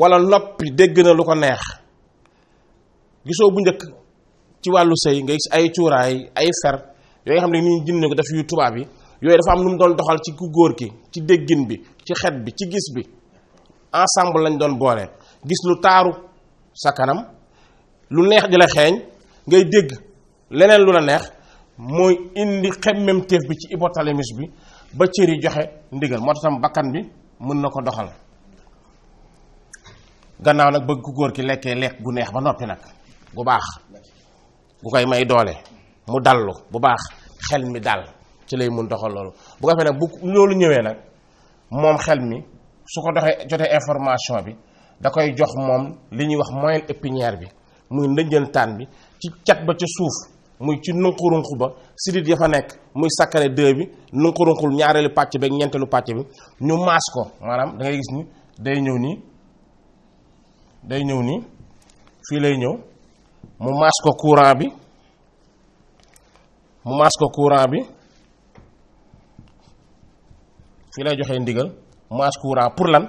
walla noppi dégg na lu ko neex gisoo bu njëkk ci wàllu sëy nga gis ay cuuraay ay fer yooyu nga xam ne nii jinne ko def yu tubaab yi yooyu dafa am lu mu doon doxal ci ku góor gi ci déggin bi ci xet bi ci gis bi ensemble lañ doon boole gis lu taaru sa kanam lu neex di la xeeñ ngay dégg leneen lu la neex mooy indi xemmem téef bi ci hypothalamus bi ba cër joxe ndigal moo tax tam bakkan bi mën na ko doxal gannaaw nag bëgg ku góor ki lekkee lekk gu neex ba noppi nag gu baax gu koy may doole mu dallu bu baax xel mi daal ci lay mun doxal loolu bu ko fee nag bu loolu ñëwee nag moom xel mi su ko doxee jotee information bi da koy jox moom li ñuy wax moelle épinière bi muy ndëjëntaan bi ci cat ba ca suuf muy ci nunqurunq ba sidit ya fa nekk muy sàkkare deux bi nunqurunqul ñaareelu pàcc bi ak ñeenteelu pàcc bi ñu maas ko maanaam dangay gis ni day ñëw nii day ñëw nii fii lay ñëw mu maas ko courant bi mu maas ko courant bi fii lay joxe ndigal maas courant pour lan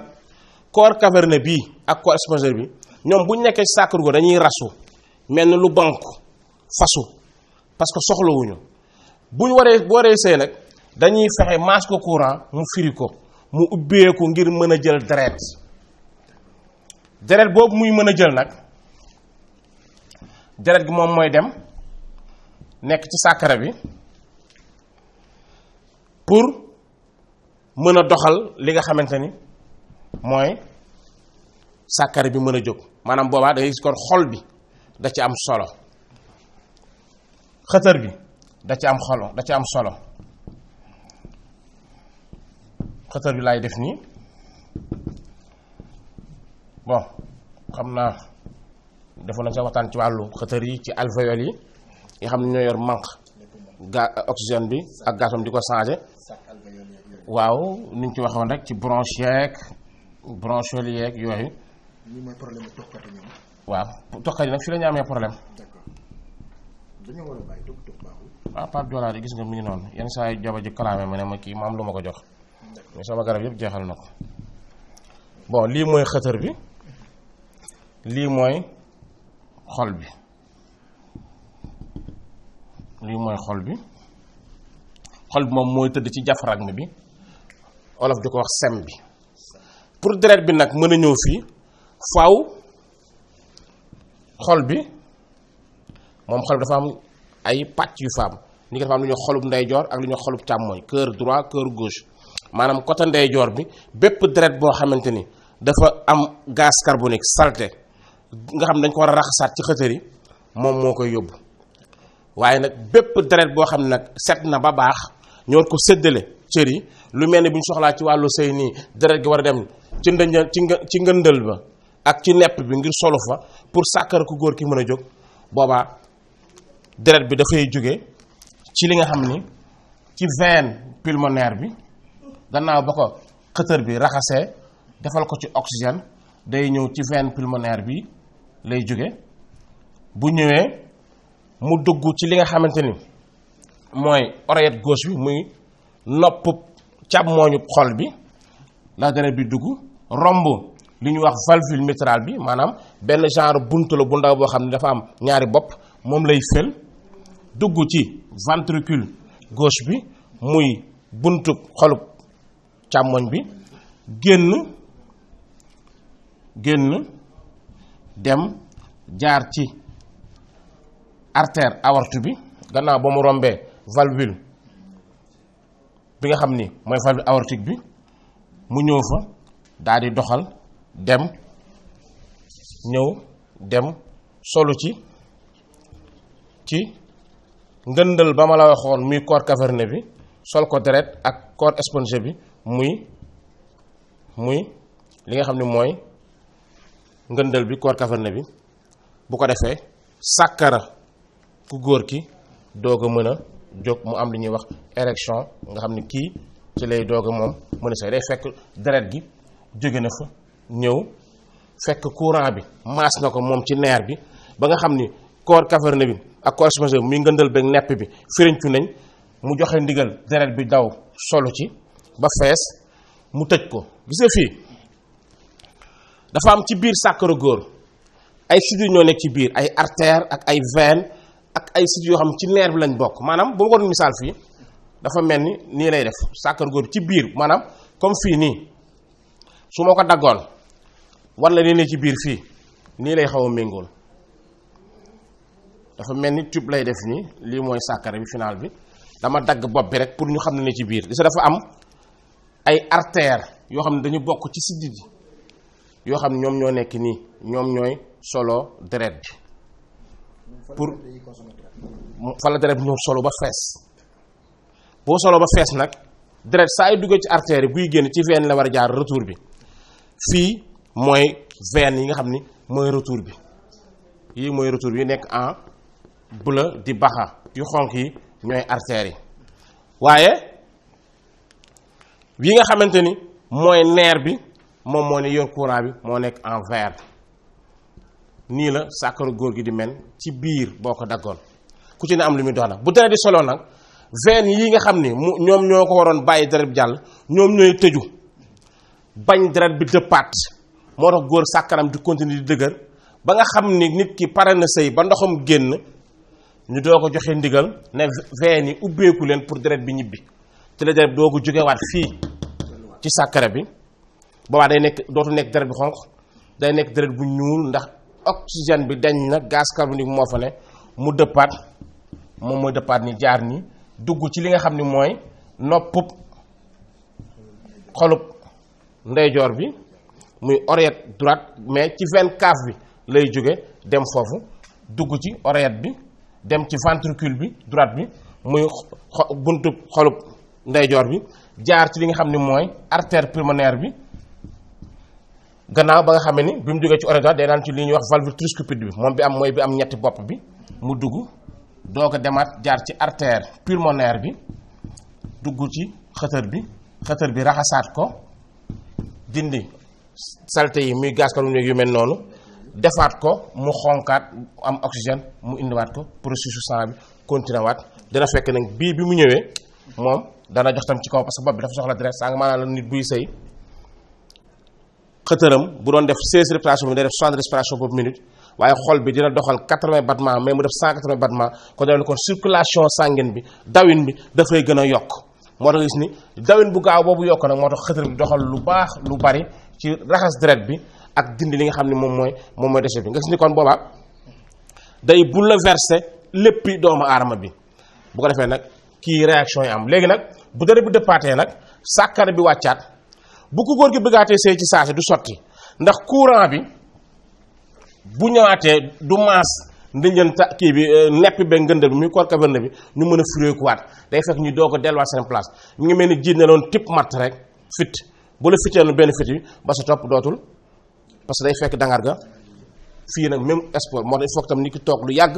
corps caverne bii ak corps sponsor bi ñoom bu ñu nekkee sàkkar go dañuy rasu mel ni lu bank fasu parce que soxlawuñu bu waree bu waree sëy nag dañuy fexe maas ko courant mu firi ko mu ubbeeku ngir mën a jël deret deret boobu muy mën a jël nag deret gi moom mooy dem nekk ci sàkkara bi pour mën a doxal li nga xamante ni mooy sàkkara bi mën a jóg maanaam boobaa da gis kon xol bi da ci am solo xëtër bi da ci am xolo da ci am solo xëtër bi laay def nii bon xam naa defoon nañ sa waxtaan ci wàllu xëtër yi ci alvéole yi yi xam ne ñoo yor manque ga oxygène bi ak gazam di ko changé waaw ni ñu ci waxoon rek ci bronche yeeg bronchiole yeeg yooyu. lii mooy problème mu toqati waaw toqati nag fii la ñu amee problème. dañoo war a bàyyi ah, gis nga mi ngi noonu yenn saa yi jaba ji kalaame ma ne ma kii ma am lu ma ko jox. mais sama garab yëpp jeexal na ko. bon lii mooy xëtër bi lii mooy xol bi lii mooy xol bi xol bi moom mooy tëdd ci diaphragme bi olof di ko wax sem bi pour deret bi nag mën a ñëw fii faaw xol bi. moom xol dafa am ay pàcc yu fa am ni am lu ñu xolub ndeyjoor ak lu ñu xolub càmmooñ cœur droit cœur gauche maanaam côté ndeyjoor bi bépp deret boo xamante ni dafa am gaz carbonique salté nga xam dañ ko war a raxasaat ci xëtër yi moom moo koy yóbbu waaye nag bépp deret boo xam ne nag set na ba baax ñu ko séddale cër yi lu mel ni bu ñu soxlaa ci wàllu sëy nii deret gi war a dem ci ndënjë ci ci ngëndël ba ak ci nepp bi ngir solu fa pour sàkkar ku góor ki mën a jóg boobaa deret bi dafay jóge ci li nga xam ni ci veine pulmonaire bi gannaaw ba ko xëtër bi raxasee defal ko ci oxygène day ñëw ci veine pulmonaire bi lay jóge bu ñëwee mu dugg ci li nga xamante ni mooy oreillette gauche bi muy nopp càmmooñu xol bi la deret bi dugg romb li ñuy wax valvule mitrale bi maanaam benn genre buntu la bu ndaw boo xam ne dafa am ñaari bopp moom lay fël dugg ci ventricule gauche bi muy buntu xolub càmmoñ bi génn génn dem jaar ci artère aortu bi gannaaw ba mu rombee valvule bi nga xam ni mooy valvule aortique bi mu ñëw fa daal doxal dem ñëw dem solu ci ci ndëndal ba ma la waxoon muy corps caverneux bi sol ko deret ak corps spongieux bi muy muy li nga xam ne mooy ngëndal bi corps caverneux bi bu ko defee sàkkara ku góor ki doog a mën a jóg mu am li ñuy wax érection nga xam ne kii ci lay doog a moom mën a say day fekk deret gi jóge na fa ñëw fekk courant bi maas na ko moom ci neer bi ba nga xam ni corps caverneux bi ak correspondance muy ngëndal beeg nepp bi firiñcu nañ mu joxe ndigal deret bi daw solu ci ba fees mu tëj ko gisee fii dafa am ci biir sàkkara góor ay sudu ñoo nekk ci biir ay artère ak ay veine ak ay sudu yoo xam ci nerf bi lañ bokk maanaam bu ma ko doon misaal fii dafa mel ni nii lay def sàkkara góor ci biir maanaam comme fii nii su ma ko daggoon war la ne ci biir fii nii lay xaw a dafa mel ni tube lay def nii lii mooy sàkkare bi final bi dama dagg bopp bi rek pour ñu xam ne ci biir li sa dafa am ay artère yoo xam ne dañu bokk ci siddi ji yoo xam ne ñoom ñoo nekk nii ñoom ñooy solo deret bi pour fa la deret bi ñoom solo ba fees boo solo ba fees nag deret saa yu duggee ci artère bi buy génn ci veine la war a jaar retour bi fii mooy veine yi nga xam ni mooy retour bi yii mooy retour bi nekk en bula di baxa yu xonq yi ñooy artères yi waaye yi nga xamante ni mooy nerf bi moom moo ne yor courant bi moo nekk en vert nii la sàkkaru góor gi di mel ci biir boo ko daggoon ku ci ne am lu muy dox nag bu deret di soloo nag veine yi nga xam ni ñoom ñoo ko waroon bàyyi deret bi jàll ñoom ñooy tëju bañ deret bi dëppaat moo tax góor sàkkaram di continuer di dëgër ba nga xam ni nit ki pare na sëy ba ndoxam génn ñu doo ko joxe ndigal ne veine yi ubbeeku leen pour deret bi ñibbi ci la deret doo ko jógewaat fii ci sàkkara bi boobaa day nekk dootu nekk deret bi xonq day nekk deret bu ñuul ndax oxygène bi dañ na gaz carbonique moo fa ne mu dëppaat moom mooy dëppaat ni jaar ni dugg ci li nga xam ni mooy noppub xolub ndeyjoor bi muy oreillette droite mais ci veine cave bi lay jóge dem foofu dugg ci oreillette bi dem ci ventricule bi droite bi muy buntub xolub ndeyjoor bi jaar ci li nga xamni moy artère pulmonaire bi gannaaw ba nga xamni bimu duggé ci oreille day nan ci li ñu wax valve tricuspide bi mom bi am moy bi am ñetti bop bi mu dugg doog demat jaar ci artère pulmonaire bi dugg ci xëteur bi xëteur bi raxasat ko dindi salté yi muy gaz carbonique yu mel noonu defaat ko mu xonkaat am oxygène mu indiwaat ko processus sang bi waat dina fekk nag bii bi mu ñëwee moom dana jox tam ci kaw parce que bopp bi dafa soxla deret sang maanaam la nit buy sëy xëtëram bu doon def 16 respiration bi day def 60 respiration boobu minute waaye xol bi dina doxal 80 battement mais mu def 180 battement kon dana kon circulation sanguine bi dawin bi dafay gën a yokk moo tax gis ni dawin bu gaaw boobu yokk nag moo tax xëtër bi doxal lu baax lu bari ci raxas deret bi ak dindi li nga xam ne moom mooy moom mooy déchet bi nga gis ni kon boobaa day la bouleverser léppi doomu aadama bi bu ko defee nag kii réaction yi am léegi nag bu dara bu dëppaatee nag sàkkara bi wàccaat bu ko góor gi bëggaatee sëy ci saasi du sotti ndax courant bi bu ñëwaatee du maas ndëñanta kii bi euh, nepp be ngëndal bi muy koor kaverne bi ñu mën a fureekuwaat day fekk ñu doo ko delluwaat seen place mu ngi mel ni jiit ne loon tip matt rek fit bu la fitee benn fit bi ba sa topp dootul parce que day fekk dangar ga fii nag même sport moo tax foog tam nit ki toog lu yàgg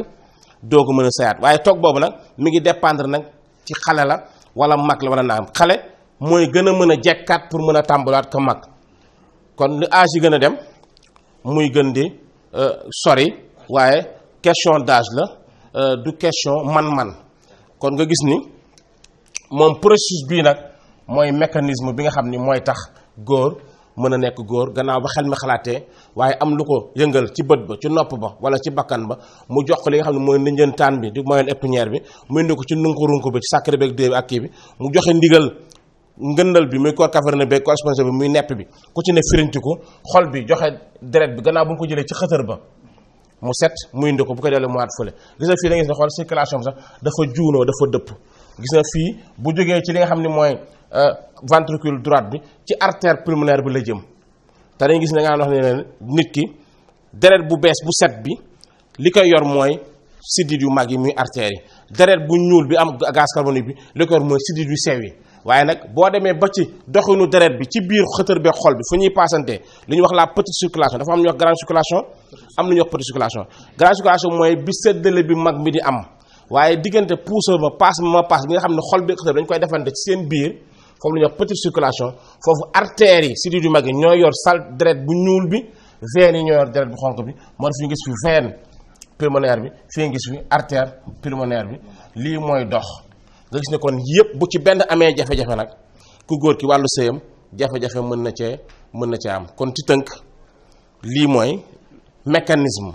doo ko mën a sayaat waaye toog boobu nag mu ngi dépendre nag ci xale la wala mag la wala naam xale mooy gën a mën a jekkaat pour mën a tàmbalaat ko mag kon lu âge yi gën a dem muy gën di euh, sori waaye question d'âge la euh, du question man-man kon nga gis ni moom processus bii nag mooy mécanisme bi nga xam ni mooy tax góor mën a nekk góor gannaaw ba xel mi xalaatee waaye am lu ko yëngal ci bët ba ci nopp ba wala ci bakkan ba mu jox ko li nga xam ne mooy ndëjëntaan bi di moyen épinière bi mu indi ko ci nunkurunk bi ci sacré beeg dée bi ak kii bi mu joxe ndigal bi muy corps caverneux beeg corps spongieux bi muy nepp bi ku ci ne firintiku xol bi joxe deret bi gannaaw bu mu ko jëlee ci xëtër ba mu set mu indi ko bu ko dellee mu waat fële gis nga fii da nga gis ne xool circulation bi sax dafa juunoo dafa dëpp gis nga fii bu jógee ci li nga xam ne mooy Euh, ventricule droite bi ci artère pulmonaire bi la jëm te dañu gis ne nga wax né leen nit ki deret bu bees bu set bi likay yor moy sidid yu magi muy artère yi deret bu ñuul bi am gaz carbonique bi li koy yor mooy siddiit yu sew yi waaye nag boo demee ba ci doxinu deret bi ci biir xëtër bi xol bi fu ñuy passanté li ñu wax la petite circulation dafa am ñu wax grande circulation am lu ñuy wax petite circulation grande circulation moy bi séddale bi mag bi di am waaye digënté puusal ba passe ma passe nga xamné xol bi xëtër dañ koy defante ci seen biir foofu la ñuy petite circulation foofu artères yi sidit yu mag yi ñoo yor sal deret bu ñuul bi veine yi ñoo yor deret bu xonq bi moo fi gis fi veine pulmonaire bi fii gis fi artère pulmonaire bi lii mooy dox nga gis ne kon yëpp bu ci benn amee jafe-jafe nag ku góor ki wàllu sëyam jafé jafé mën na cee mën na cee am kon ci tënk li moy mécanisme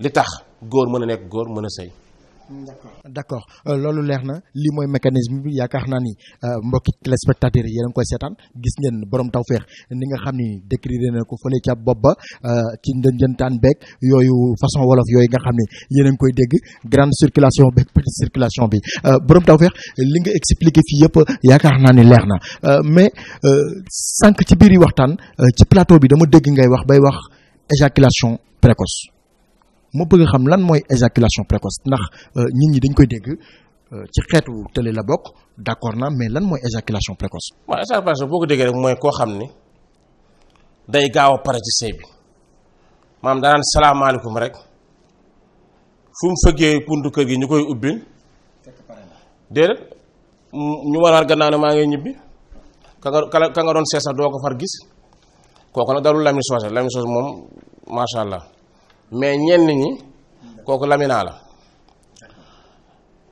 li tax góor mëna nek nekk mëna mën d'accord D'accord. Euh, loolu leer li moy mécanisme bi ni euh, mbokk yi koy sétane gis ngeen borom tawfex ni nga décrire na ko euh, ci façon wolof nga grande circulation petite circulation bi borom tawfex li nga expliqué ont yëpp na ni leer mais ci biir yi ci plateau bi dama dégg ngay wax bay éjaculation précoce. ma bëgg xam lan mooy éjaculation précoce ndax euh, nit ñi dañ koy dégg euh, ci xeetu télé la bokk d'accord naa mais lan mooy éjaculation précoce. waaw éjaculation boo ko déggee rek mooy koo xam ni day gaaw a pare ci sëy bi maam danaan salaamaaleykum rek fu mu fëggee puntu kër gi ñu koy ubbil déedéet ñu waraat gannaaw ne maa ngi ñibbi ka nga ka nga doon seet sax doo ko far gis kooku nag dalul Lamine Socé Lamine Socé moom macha allah. mais ñenn ñi kooku laminaa la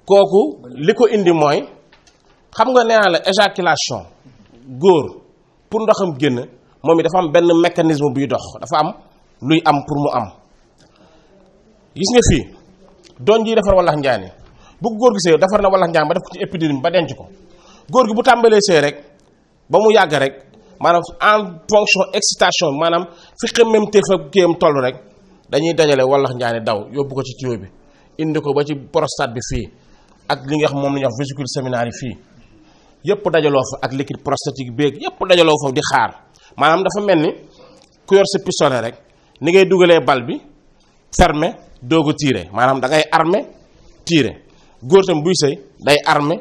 kooku li ko indi mooy xam nga nee la éjaculation góor pour ndoxam génn moom yi dafa am benn mécanisme buy dox dafa am luy am pour mu am gis nga fii doon ji defar wallax njaan yi bu góor gi sëy defar na wallax njaan ba def ko ci épididyme ba denc ko góor gi bu tàmbalee sëy rek ba mu yàgg rek maanaam en fonction excitation maanaam fi xëmmemte fa kéem toll rek dañuy dajale wallax njaane daw yobbu ko ci tuyau bi indi ko ba ci prostate bi fi ak li nga xam mom la ñuy wax vésicule séminaire fii yépp dajalo fa ak liquide prostatique beeg yépp dajalo fa di xaar manam dafa melni ku yor ci pistolet rek ni ngay dugalee bal bi fermé dogo a manam da ngay armé buy sey day armé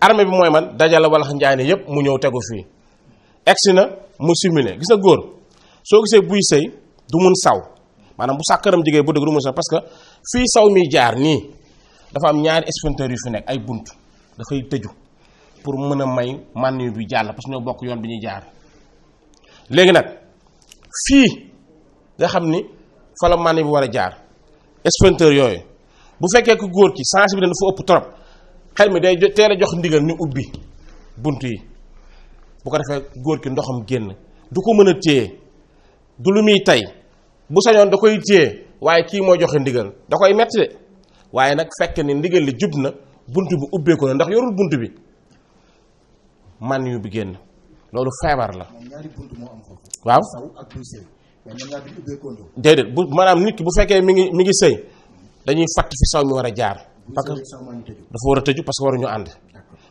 armé bi moy man dajale wallax njaane yépp mu ñew tegu fi exina mu simulé gis na góor so gisé buy sey du mun saw maanaam bu sàkkaram jigéen bu dëgg du mu sax parce que fii saw mi jaar nii dafa am ñaari sphincter yu fi nekk ay bunt dafay tëju pour mën a may mànn bi jàll parce ñoo bokk yoon bi ñuy jaar léegi nag fii nga xam ni fa la mànn bi war a jaar sphincter yooyu bu fekkee ku góor ki sensibilité dafa ëpp trop xel mi day teel a jox ndigal ni ubbi bunt yi bu ko defee góor ki ndoxam génn du ko mën a téye du lu muy tey bu sañoon da koy téye waaye kii mooy joxe ndigal da koy mett de waaye nag fekk ni ndigal li jub na bunt bi ubbeeku na ndax yorul bunt bi man yu bi génn loolu feebar la. waaw. déedéet bu maanaam nit ki bu fekkee mi ngi mi ngi sëy dañuy fatt fi saw mi war a jaar. parce que dafa war a tëju parce que ñu ànd.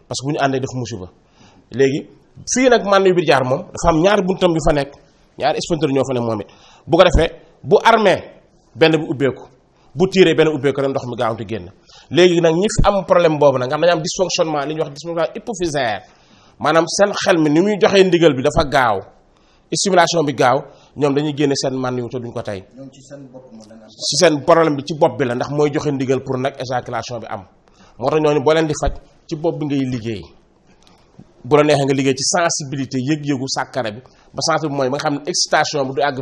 parce que bu ñu àndee def musiba léegi fii nag man yu bi jaar moom dafa am ñaari buntam yu fa nekk ñaari sponsor ñoo fa ne moom it bu ko defee. bu armée benn bi ubbeeku bu tiiree benn ubbeeku rek ndox mi gaawantu génn léegi nag ñi fi am problème boobu nag nga xam dañu am dysfonctionnement li ñuy wax dysfonctionnement hypophysaire maanaam seen xel mi ni muy joxee ndigal bi dafa gaaw stimulation bi gaaw ñoom dañuy génne seen man yu te duñ ko tey ci seen problème bi ci bopp bi la ndax mooy joxe ndigal pour nag éjaculation bi am moo tax ñooñu boo leen di faj ci bopp bi ngay liggéey bu la neexee nga liggéey ci sensibilité yëg-yëgu sàkkara bi ba sensibilité mooy ba nga xam ne excitation bi du àgg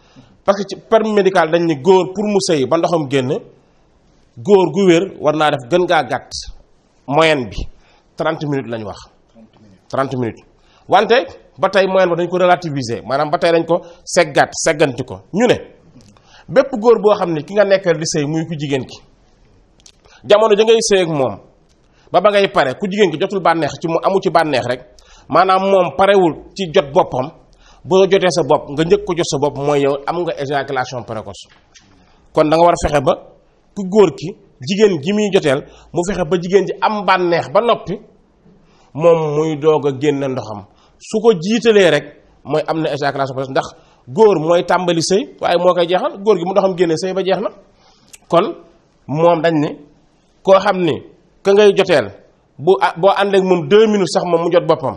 parce que ci permis médical dañ ne góor pour mu sëy ba ndoxam génn góor gu wér war naa def gën ngaa gàtt moyenne bi 30 minutes lañu wax. 30 minutes wante ba tey moyen ba dañ ko relativiser maanaam ba tey dañ ko seggaat segganti ko ñu ne bépp góor boo xam ne ki nga nekkal di sëy muy ku jigéen ki jamono ja ngay sëy ak moom ba ba ngay pare ku jigéen ki jotul bànneex ci mu amu ci bànneex rek maanaam moom parewul ci jot boppam. boo jotee sa bopp nga njëkk ko jot sa bopp mooy yow am nga éjaculation précoce kon da war a fexe ba ku góor ki jigéen ji muy joteel mu fexe ba jigéen ji am bànneex ba noppi moom muy doog a génn ndoxam su ko jiitalee rek mooy am na éjaculation précoce ndax góor mooy tàmbali sëy waaye moo koy jeexal góor gi mu ndoxam génne sëy ba jeex na kon moom dañ ne koo xam ni ka ngay joteel bu boo àndeek moom deux minutes sax moom mu jot boppam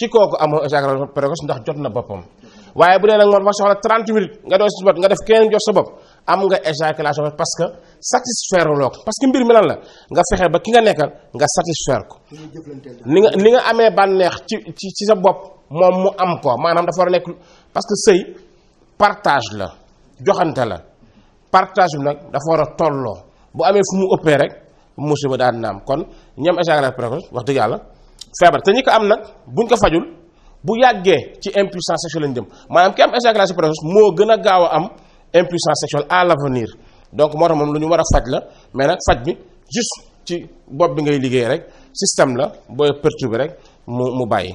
ci koku am éjaculation progress ndax jot na boppam waaye bu dee nag man ma soxla 30 minutes nga doon si nga def keneen jox sa bop am nga ejaculation parce que satisfaire loo parce que mbir mi lan la nga fexé ba ki nga nekkal nga satisfaire ko. ni nga ni nga amé banex ci ci sa bop mom mu am ko manam dafa war parce que sey partage la joxante la partage nak dafa wara tollo bu amé fu mu ëppee rek musiba da nam kon ñam ejaculation progress wax deug yalla feebar te ñi ko am nag buñ ko fajul bu yàggee ci impuissance sexuelle lañ jëm maanaam ki am éjaculation précoce moo gën a gaaw a am impuissance sexuelle à l'avenir donc moo tax moom lu ñu war a faj la mais nag faj bi juste ci bopp bi ngay liggéey rek système la booy perturbé rek mu mu bàyyi.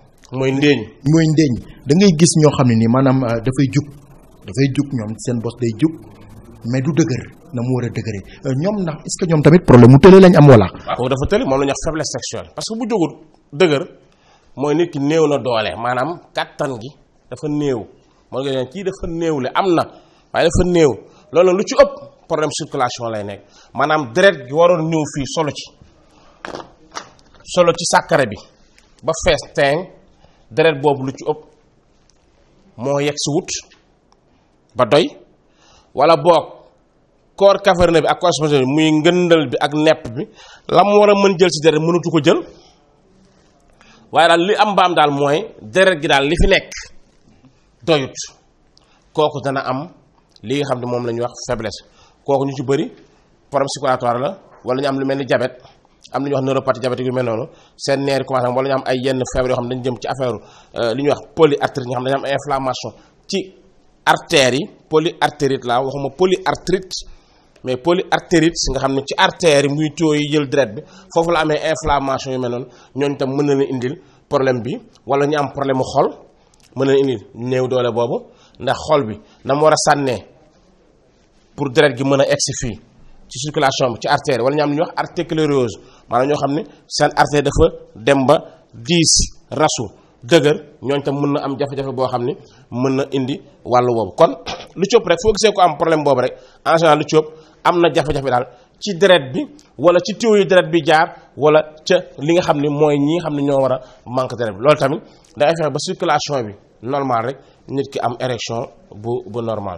mooy ndéeñ. mooy ndéeñ da ngay gis ñoo xam ne nii maanaam euh, dafay jug dafay jug ñoom seen bos day jug mais du dëgër na mu war a dëgëree euh, ñoom na est ñoom tamit problème mu tële lañ am wala. waaw dafa tële moom la ñu wax faiblesse sexuelle parce que bu jógul dëgër mooy nit néew na doole maanaam kattan dafa néew mooy kii dafa néew le am na waaye néew loolu lu ci ëpp problème circulation lay nekk maanaam deret gi waroon ñëw fii solo ci solo ci sàkkare bi ba fees teeñ deret boobu lu ci ëpp moo yegg si wut ba doy wala boog koor kafarina bi ak koor sponsorisé bi muy ngëndal bi ak nepp bi la mu war a mën jël si deret mënatu ko jël waaye daal li am mbaam daal mooy deret gi daal li fi nekk doyut kooku dana am li nga xam ne moom lañu ñuy wax faiblesse kooku ñu ci bari problème circulatoire la wala ñu am lu mel ni jabet am na ñuy wax neuropathie diabétique yu mel noonu seen neer yi commencé ay yenn feebar yoo xam ne dañu jëm ci affaire euh, li ñuy wax polyarthrite ñi nga xam dañu am ay inflammation ci artères yi polyarthrite la waxuma polyarthrite mais polyarthrite nga xam ne ci artères yi muy tooy yi jël deret bi foofu la amee inflammation yu mel noonu ñooñu tam mën na leen problème bi wala ñu am mu xol mën na leen néew doole boobu ndax xol bi na war a sànnee pour deret gi mën a egsi fii ci circulation bi ci artère wala ñu am lu ñuy wax artérioclérose maanaam ñoo xam ne seen artère dafa dem ba diis rasu dëgër ñooñ tam mën na am jafe-jafe boo xam ne mën na indi wàllu boobu kon lu cóob rek foo gisee ko am problème boobu rek en général lu cóob am na jafe-jafe daal ci deret bi wala ci tiw yu deret bi jaar wala ca li nga xam ne mooy ñi nga xam ne ñoo war a manque deret bi loolu tamit dangay fexe ba circulation bi normal rek nit ki am érection bu bu normal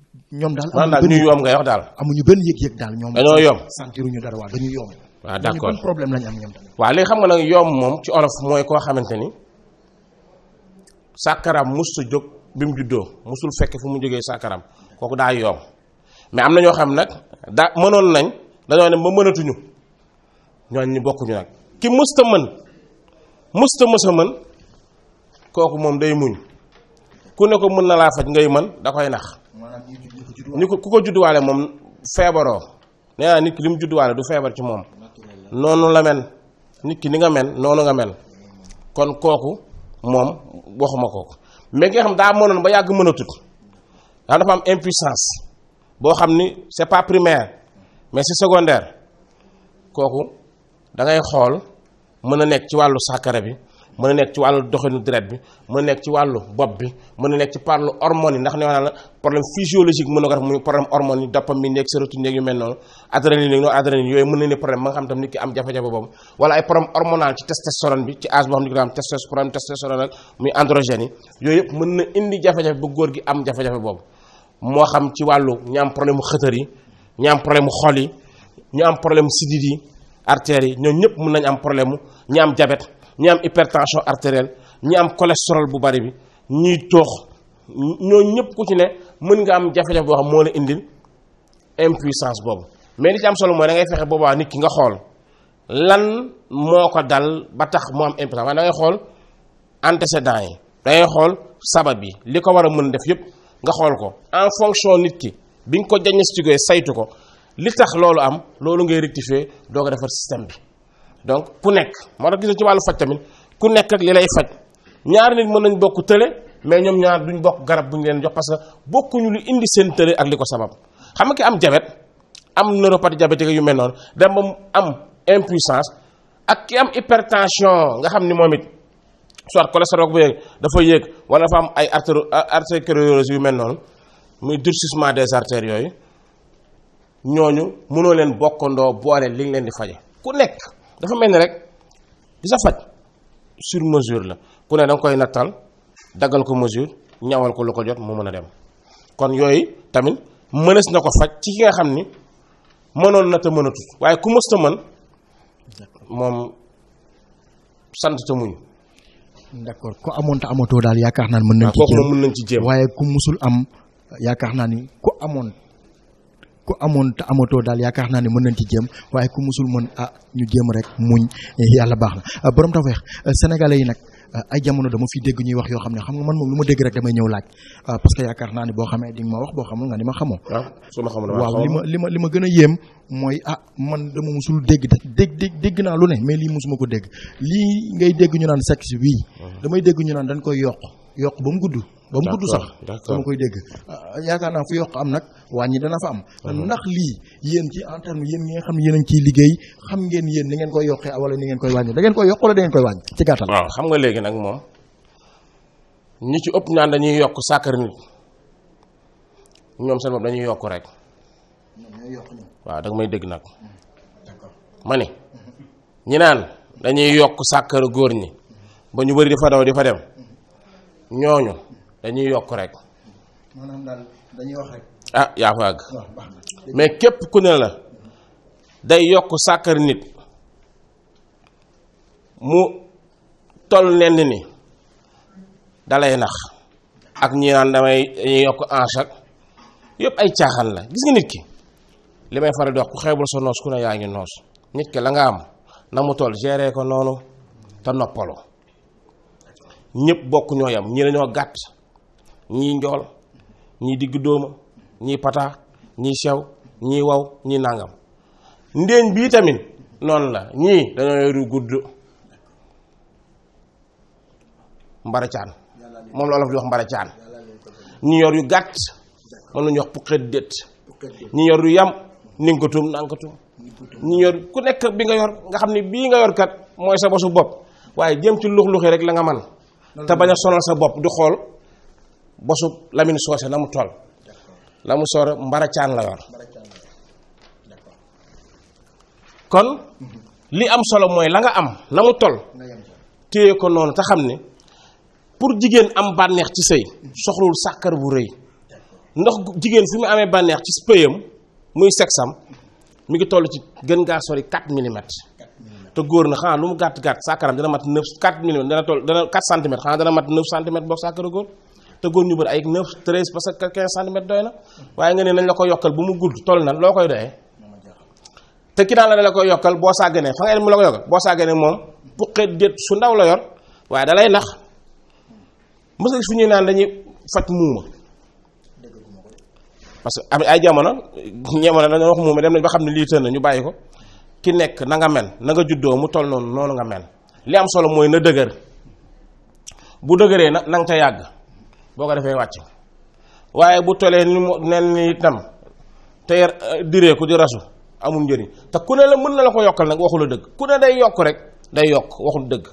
ñoom daal amuñu benn yomb ngay wax daal. amuñu benn yëg-yëg daal ñoom. dañoo yomb sentiruñu dara waaw ah, dañu yomb. waaw d' accord benn problème lañu am ñoom tamit. waaw léegi xam nga nag yomb moom ci olof mooy koo xamante ni sàkkaram musta jóg bi mu juddoo musul fekk fu mu jógee sàkkaram kooku daal yomb mais am na ñoo xam nag daa mënoon nañ dañoo ne ba mënatuñu ñooñu bokkuñu nag ki musta mën musta mësa mën kooku moom day muñ ku ne ko mën na laa faj ngay mën da koy nax. ni ko ku ko judduwaale moom feebaroo nee naa nit ki li mu judduwaale du feebar ci moom noonu la mel nit ki ni nga mel noonu nga mel kon kooku moom waxuma kooku mais ki xam daa monoon ba yàgg mënatut daa dafa am impuissance boo xam ni c'est pas primaire mais c'est secondaire kooku da ngay xool mën a nekk ci wàllu sàkkara bi mën a nekk ci wàllu doxinu deret bi mën a nekk ci wàllu bopp bi mën a nekk ci parlu hormone yi ndax ne naa la problème physiologique mën na ko def muy problème hormone yi dopamine yeeg sérotonine yeeg yu mel na ne indi jafe-jafe ba góor gi am jafe-jafe boobu moo xam ci wàllu ñu am problème xëtër yi ñu am problème mu xol yi ñu am problème sidid yi artères yi ñoom ñëpp mën nañ am problème mu ñu am jabet ñi am hypertension artérielle ñi am cholestérol bu bari bi ñiy toox ñooñu ñëpp ku ci ne mën nga am jafe-jafe boo xam moo la indil impuissance boobu mais li ci am solo mooy da ngay fexe boobaa nit ki nga xool lan moo ko dal ba tax mu am impuissance waaye da ngay xool antécédent yi da ngay xool sabab yi li ko war a mën def yëpp nga xool ko en fonction nit ki bi nga ko diagnostiqué saytu ko li tax loolu am loolu ngay rectifier doo ko defar système bi. donc ku nekk moo tax gis ci wàllu faj tamit ku nekk ak li lay faj ñaar nit mën nañ bokk tële mais ñoom ñaar duñ bokk garab bu ñu leen jox parce que bokkuñu lu indi seen tële ak li ko sabab xam nga ki am jabet am neuropathie diabétique yu mel noonu dem am impuissance ak ki am hypertension nga xam ni moom it soit cholestérol bu yéeg dafa yéeg wala dafa am ay artéro artériosclérose yu mel noonu muy durcissement des artères yooyu ñooñu mënoo leen bokkandoo boole li nga leen di faje ku nekk. dafa mel ni rek di sa faj sur mesure la ku ne da koy nattal daggal ko mesure ñawal ko lu ko jot mu mën a dem kon yooyu tamit mënees na ko faj ci ki nga xam ni mënoon na te mënatut waaye ku mës ta moom sant te muñ d'accord amoon te amatoo daal yaakaar naa ne mën nañ ci jéem waaye ku musul am yaakaar naa ni ku amoon ku amoon te amatoo daal yaakaar naa ne mën nañ ci jéem waaye ku musul mën ah ñu jéem rek muñ eh, yàlla baax na ah, borom tawfeex eh, sénégalais yi nag ah, ay jamono dama fi dégg ñuy wax yoo xam ne xam nga man moom lu ma dégg rek damay ñëw laaj ah, parce que yaakaar naa ne boo xamee di nga ma wax boo xamul nga ni ma xamoo waaw li ma li ma ma gën a yéem mooy ah man dama musul dégg dégg dégg dégg naa lu ne mais lii musuma ko dégg lii ngay dégg ñu naan sexe wii damay dégg ñu naan dañ koy yokk ba mu gudd ba mu gudd sax sama koy dégg ah, yaakaar naa fu yokk am nag wàññi dana fa am mhm. ndax lii yéen ci en yéen ñi nga xam yéen a ciy liggéey xam ngeen yéen ni ngeen koy yokkee wala ni ngeen koy wàññi da ngeen koy yokk wala da ngeen koy wàññi ci gàttal xam nga léegi nag moom ñi ci ëpp naan dañuy yokk sàkkar nit ñoom seen bopp dañuy yokk rek waaw danga may dégg nag mm. ma ne ñi naan dañuy yokk sàkkar góor ñi ba ñu bëri di fa daw di fa dem ñooñu dañuy yokk rek. dañuy wax rek. ah yaa ko àgg mais képp ku ne la day yokk sàkkar nit mu toll nenn ni dalay nax ak ñi naan damay dañuy yokk ange ak yëpp ay caaxaan la gis nga nit ki li may faral dox wax ku xeebul sa noos ku ne yaa ngi noos nit ki la nga am na mu toll gere ko noonu te noppaloo. ñepp bokk ñoo yam ñi lañu gatt ñi ndol ñi digg dóoma ñi pata ñi xew ñi waw ñi nangam ndeen bi tamit non la ñi dañu yoru gudd mbara mom moom la olof di wax mbara caan ñi yor yu gatt moom la wax puqet dét ñi yor yu yam ninkatum nankatum ñi yor ku nek bi nga yor nga xamni bi nga yor kat moy sa bosu bop waye jëm ci lukh lukhé rek la nga man te baña sonal sa bop du xol bosu lamine sosé namu tol lamu sor mbara caan la war kon li am solo moy la nga am lamu tol. toll ko non ta xamni pour jigen am banex ci sey soxlul sàkkar bu reuy ndox jigen fimu amé banex ci pëyam muy sexam mi ngi tollu ci gën nga sori 4 mm te góor na xanaa lu mu gàtt gàtt sàkkaram dana mat 9 4 millimètres dana toll dana 4 centimètres xanaa dana mat 9 centimètres boog sàkkara góor te góor ñu bëri ay 9 13 parce que 15 doy na waaye nga ne nañ la ko yokkal bu mu gudd toll na loo koy doyee te ki daan la la koy yokkal boo sàgganee fa nga dem mu la ko yokkal boo sàgganee moom puqet déet su ndaw la yor waaye dalay nax mës fu ñuy naan dañuy faj muuma parce que am ay jamono ñemono dañoo wax muuma dem nañ xam ne lii tën ñu bàyyi ko ki nek na nga mel na nga juddo mu tol non non nga mel li am solo moy na deuguer bu deugere na nang ca yag boko defey wacc waye bu tole ni nel ni tam te eh, dire ko di rasu amul njëriñ ta ku ne la mën na la ko yokal nak waxu la deug ku ne day yok rek day yok waxu deug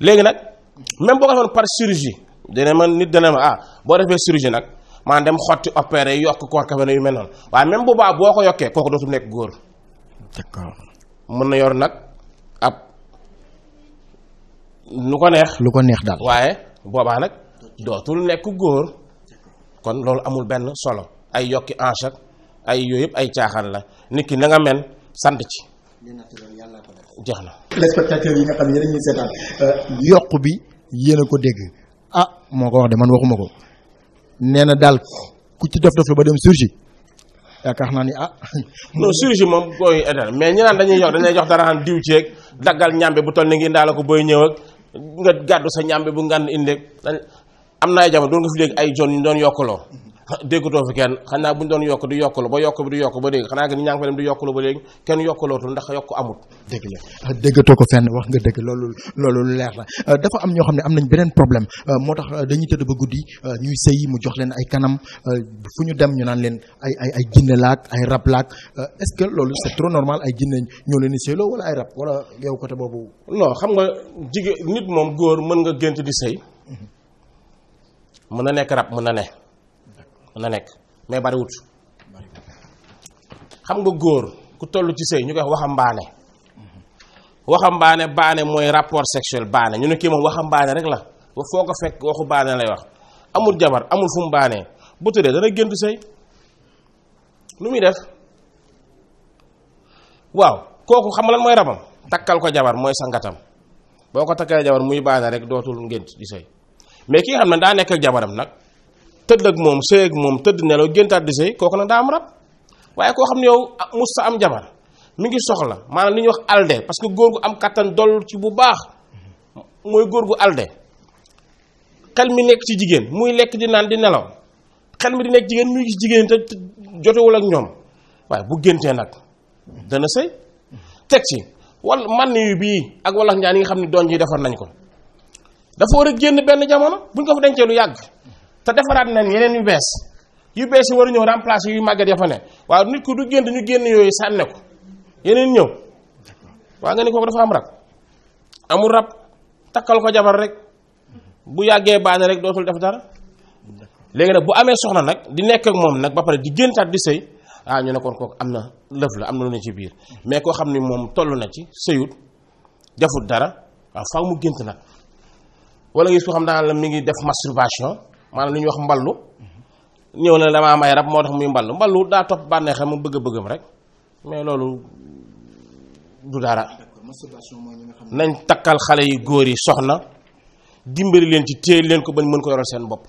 léegi nak même boko ko par chirurgie dene man nit dene ma ah bo defé chirurgie nak. man dem xotti opéré yokk fa ne yu mel non waye même bu ba boko yoké koku kooku nek gor mën na yor nag ab lu ko neex. lu ko neex daal waaye boobaa nag dootul nekk góor kon loolu amul benn solo ay yokki ange ak ay yooyu yëpp ay caaxal la nit ki nanga nga mel sant ci. jeex na. Euh, yokk bi yéen ko dégg ah moo ko wax de man waxuma ko nee na daal ku ci def def la ba dem surgi yaakaar naa ni ah. non chirurgie moom booy état mais ñi dañuy jox dañuy jox dara diw ceeg daggal ñàmbe bu toll ni ngi ndaala ko booy ñëw nga gàddu sa ñàmbe bu ngan indeeg am na ay jamono doon nga fi dégg ay jon ñu doon yokkaloo déggatoo fi kenn xanaa bu ñu doon yokk du yokkaloo ba yokk bi yokk ba léegi xanaa nga ni kenn yokkalootul ndax yokk amut dëgg ah, déggatoo ko fenn wax nga dëgg loolu loolu leer na ah, dafa am ñoo xam ne am nañ beneen problème ah, moo tax dañuy tëdd ba guddi ñuy sëy mu jox leen ay kanam fu ñu dem ñu naan leen ay ay ay jinne ay rab laak est-ce que loolu c'est trop di sëyloo wala ay wala yow côté boobu non xam nga jigéen nit moom góor mën nga gént di sëy mhm. mën na nekk rab mën na ne mën na nekk mais bariwut xam nga góor ku toll ci sëy ñu koy waxambaane waxambaane baane mooy rapport sexuel baane ñu ne kii moom waxambaane rek la foo ko fekk waxu baane lay wax amul jabar amul fu mu baanee bu tëddee dana gént sëy lu muy def waaw kooku xam la mooy rabam takkal ko jabar mooy sangatam boo ko takkalee jabar muy baane rek dootul ngént di sëy mais ki xam ne daa nekk jabaram nag tëdd ak moom sëy ak moom tëdd nelaw géntaat di sëy kooku nag daa am rab waaye koo xam ne yow ah, musta am jabar mu ngi soxla maanaam li ñuy wax alde parce que góor am kattan doll ci bu baax mooy góor gu alde xel mi nekk ci jigéen muy lekk di naan di nelaw xel mi di nekk jigéen muy gis jigéen jotewul ak ñoom waaye bu géntee nag dana sëy teg ci wala man yu bii ak walax njaan yi nga xam ne doon ji defar nañ ko dafa war a génn benn jamono buñ ko fa dencee lu yàgg ta defarat nañ yeneen yu bees yu bees yi waru ñëw remplacer yu màggat ya fa ne waaw nit ku du génn ñu génn yooyu sànne ko yeneen ñëw waa nga ni kooku dafa am rab amul rab takkal ko jabar rek bu yàggee baane rek dootul def dara léegi nag bu amee soxna nag di nekk ak moom nag ba pare di géntaat di sëy ah ñu ne kon kooku am na lëf la am na lu ne ci biir mais koo xam ni moom toll na ci sëyut defut dara waaw faaw mu gént nag wala ngi su xam daan la mi ngi def masturbation maanaam lu ñuy wax mballu ñëw na damaa am ay rab moo tax muy mballu mballu daa topp bànneexam mu bëgg bëggam rek mais loolu du dara nañ takkal xale yu góor yi soxna dimbali leen ci téye leen ko bañ mën ko yoral seen bopp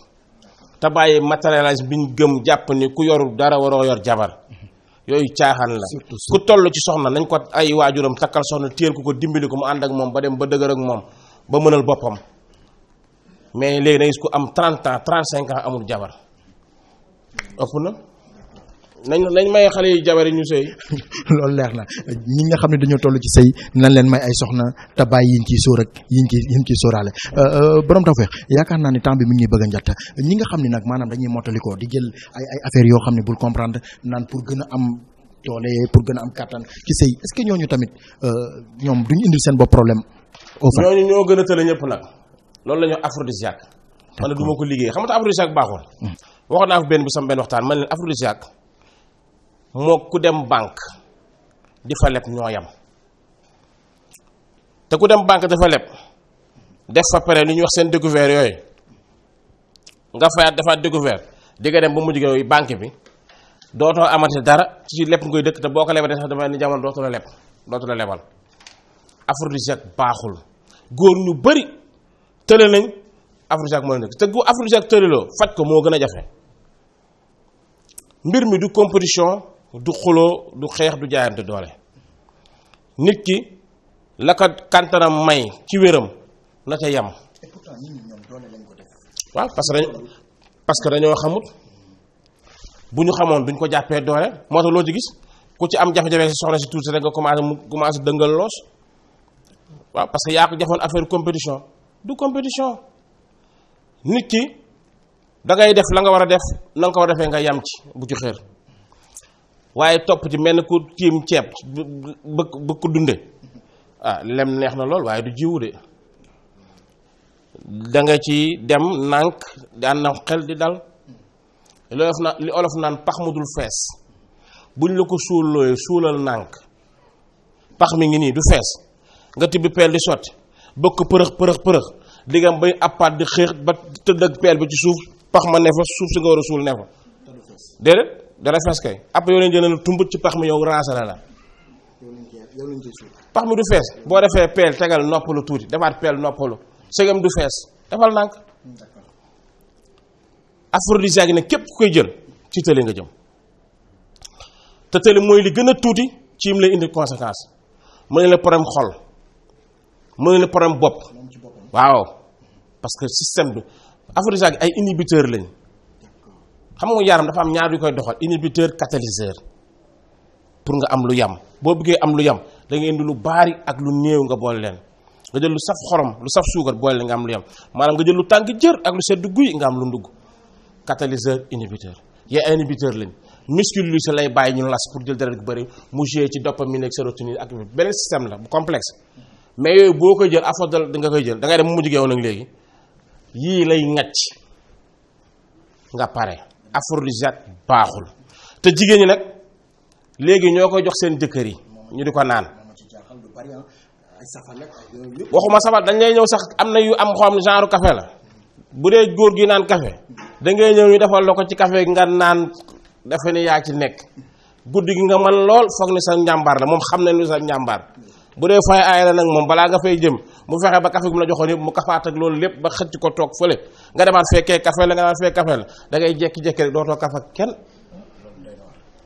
te bàyyi matérialisme bi ñu gëm jàpp ni ku yorul dara waroo yor jabar yooyu caaxaan la ku toll ci soxna nañ ko ay waajuram takkal soxna téyel ku ko dimbali ko mu ànd ak moom ba dem ba dëgër ak moom ba mënal boppam mais léegi da gis ku am 30 ans 35 amul jabar ëpp na nañ nañ may xale yi jabar yi ñu sëy loolu leer na ñi nga xam ne dañoo toll ci sëy nan leen may ay soxna te bàyyi yiñ ciy sóor ak yiñ ciy yiñ ciy sóoraale euh, euh, borom tawfeex yaakaar naa ne temps bi mi ngi ñuy bëgg a ñi nga xam ni nag maanaam dañuy mottalikoo di jël ay ay yoo xam ne bul comprendre naan pour gën a am doole pour gën a am kàttan ci sëy est-ce que ñooñu tamit euh, ñoom duñu indil seen bopp problème. au ñooñu ñoo gën a tële ñëpp nag. loolu lañu ñu aphrodisiaque man ne du ma ko liggéey xam nga aphrodisiaque baaxul hmm. waxo na ko ben bu sam ben waxtan man leen aphrodisiaque moo ku dem bank di fa lepp ñoyam te ku dem bank da fa lepp def fa pare lu ñu wax sen découvert yoy nga fa fayaat dafa découvert di nga dem ba mujj gi bank bi doto amati dara ci lepp ngoy dëkk te boko ko lebalee sax dafa ni jamal doto la lepp doto la lebal aphrodisiaque baxul góor ñu bari tëral nañ Afrojack moo nekk te ku Afrojack tëraloo faj ko moo gën a jafe mbir mi du compétition du xuloo du xeex du jaayante doole nit ki la ko kantaram may ci wéram na ca yam et pourtant ñun waaw parce que dañ parce que dañoo xamut bu ñu xamoon duñ ko jàppee doole moo tax loo ci gis ku ci am jafe-jafe si soxna si tuuti rek nga commencé mu commencé dëngal loos waaw parce que yaa ko jafoon affaire compétition. du compétition nit ki dangay def la nga war a def na nga ko war a defee nga yam ci bu ci xër waaye topp ci mel ni ku tiim ceeb bë bëgg ko dunde ah, lem neex na lool waaye du jiwu de da nga ci dem nànk daan na xel di dal li olof naan pax mu dul fees buñ la ko suul looy suulal nànk pax mi ngi nii du fees nga tibbi peel di sotti bokk përëx përëx përëx di nga bay appaat di xeex ba tëdd ak peel bi ci suuf pax ma ne fa suuf si nga war a suul ne fa. déedéet dara fees kay après yow leen jëlee tumbut ci pax mi yow raasale la. pax mi du boo defee peel tegal noppalu tuuti defaat peel noppalu segam du fees defal ndànk. aphrodisiaque gi ne képp ku koy jël ci tële nga jëm te tële mooy li gën a tuuti ci yim lay indi conséquence mu ne la problème xol. mooy le problème bopp waaw parce que système bi aphrodisiaque ay inhibiteur lañ xam nga yaram dafa am ñaar yu koy doxal inhibiteur catalyseur pour nga am lu yam boo buggee am lu yam da ngay indi lu baari ak lu néew nga boole leen nga jël lu saf xorom lu saf suukar boole leen nga am lu yam maanaam nga jël lu tàng jër ak lu sedd guy nga am lu ndugg catalyseur inhibiteur yee inhibiteur lañ muscule lu si lay bàyyi ñu las pour jël deret gu bëri mu joué ci dopamine ak sérotonine ak beneen système la bu mais yooyu boo jël afodal da nga koy jël da nga dem mu mujj yow nag léegi yii lay ngacc nga paré aphrodisiaque baxul te jigeen ñi nak léegi ñoko jox seen jëkkër yi ñu diko naan waxuma safal dañ lay ñew sax amna yu am xom genre café la bu dee góor gi naan café da ngay ñew ñu defal lako ci café nga naan dafa ni ya ci nek guddigi nga man lol fogné sa ñambar la mom xamné na sa ñambar bu dee fin aay la nag moom balaa nga fay jëm mu fexe ba café gu la joxoon yëpp mu kafaat loolu lépp ba xëcc ko toog fële nga demaat fekkee café la nga daan fee café la da ngay jekki-jekki rek dootoo kaf ak kenn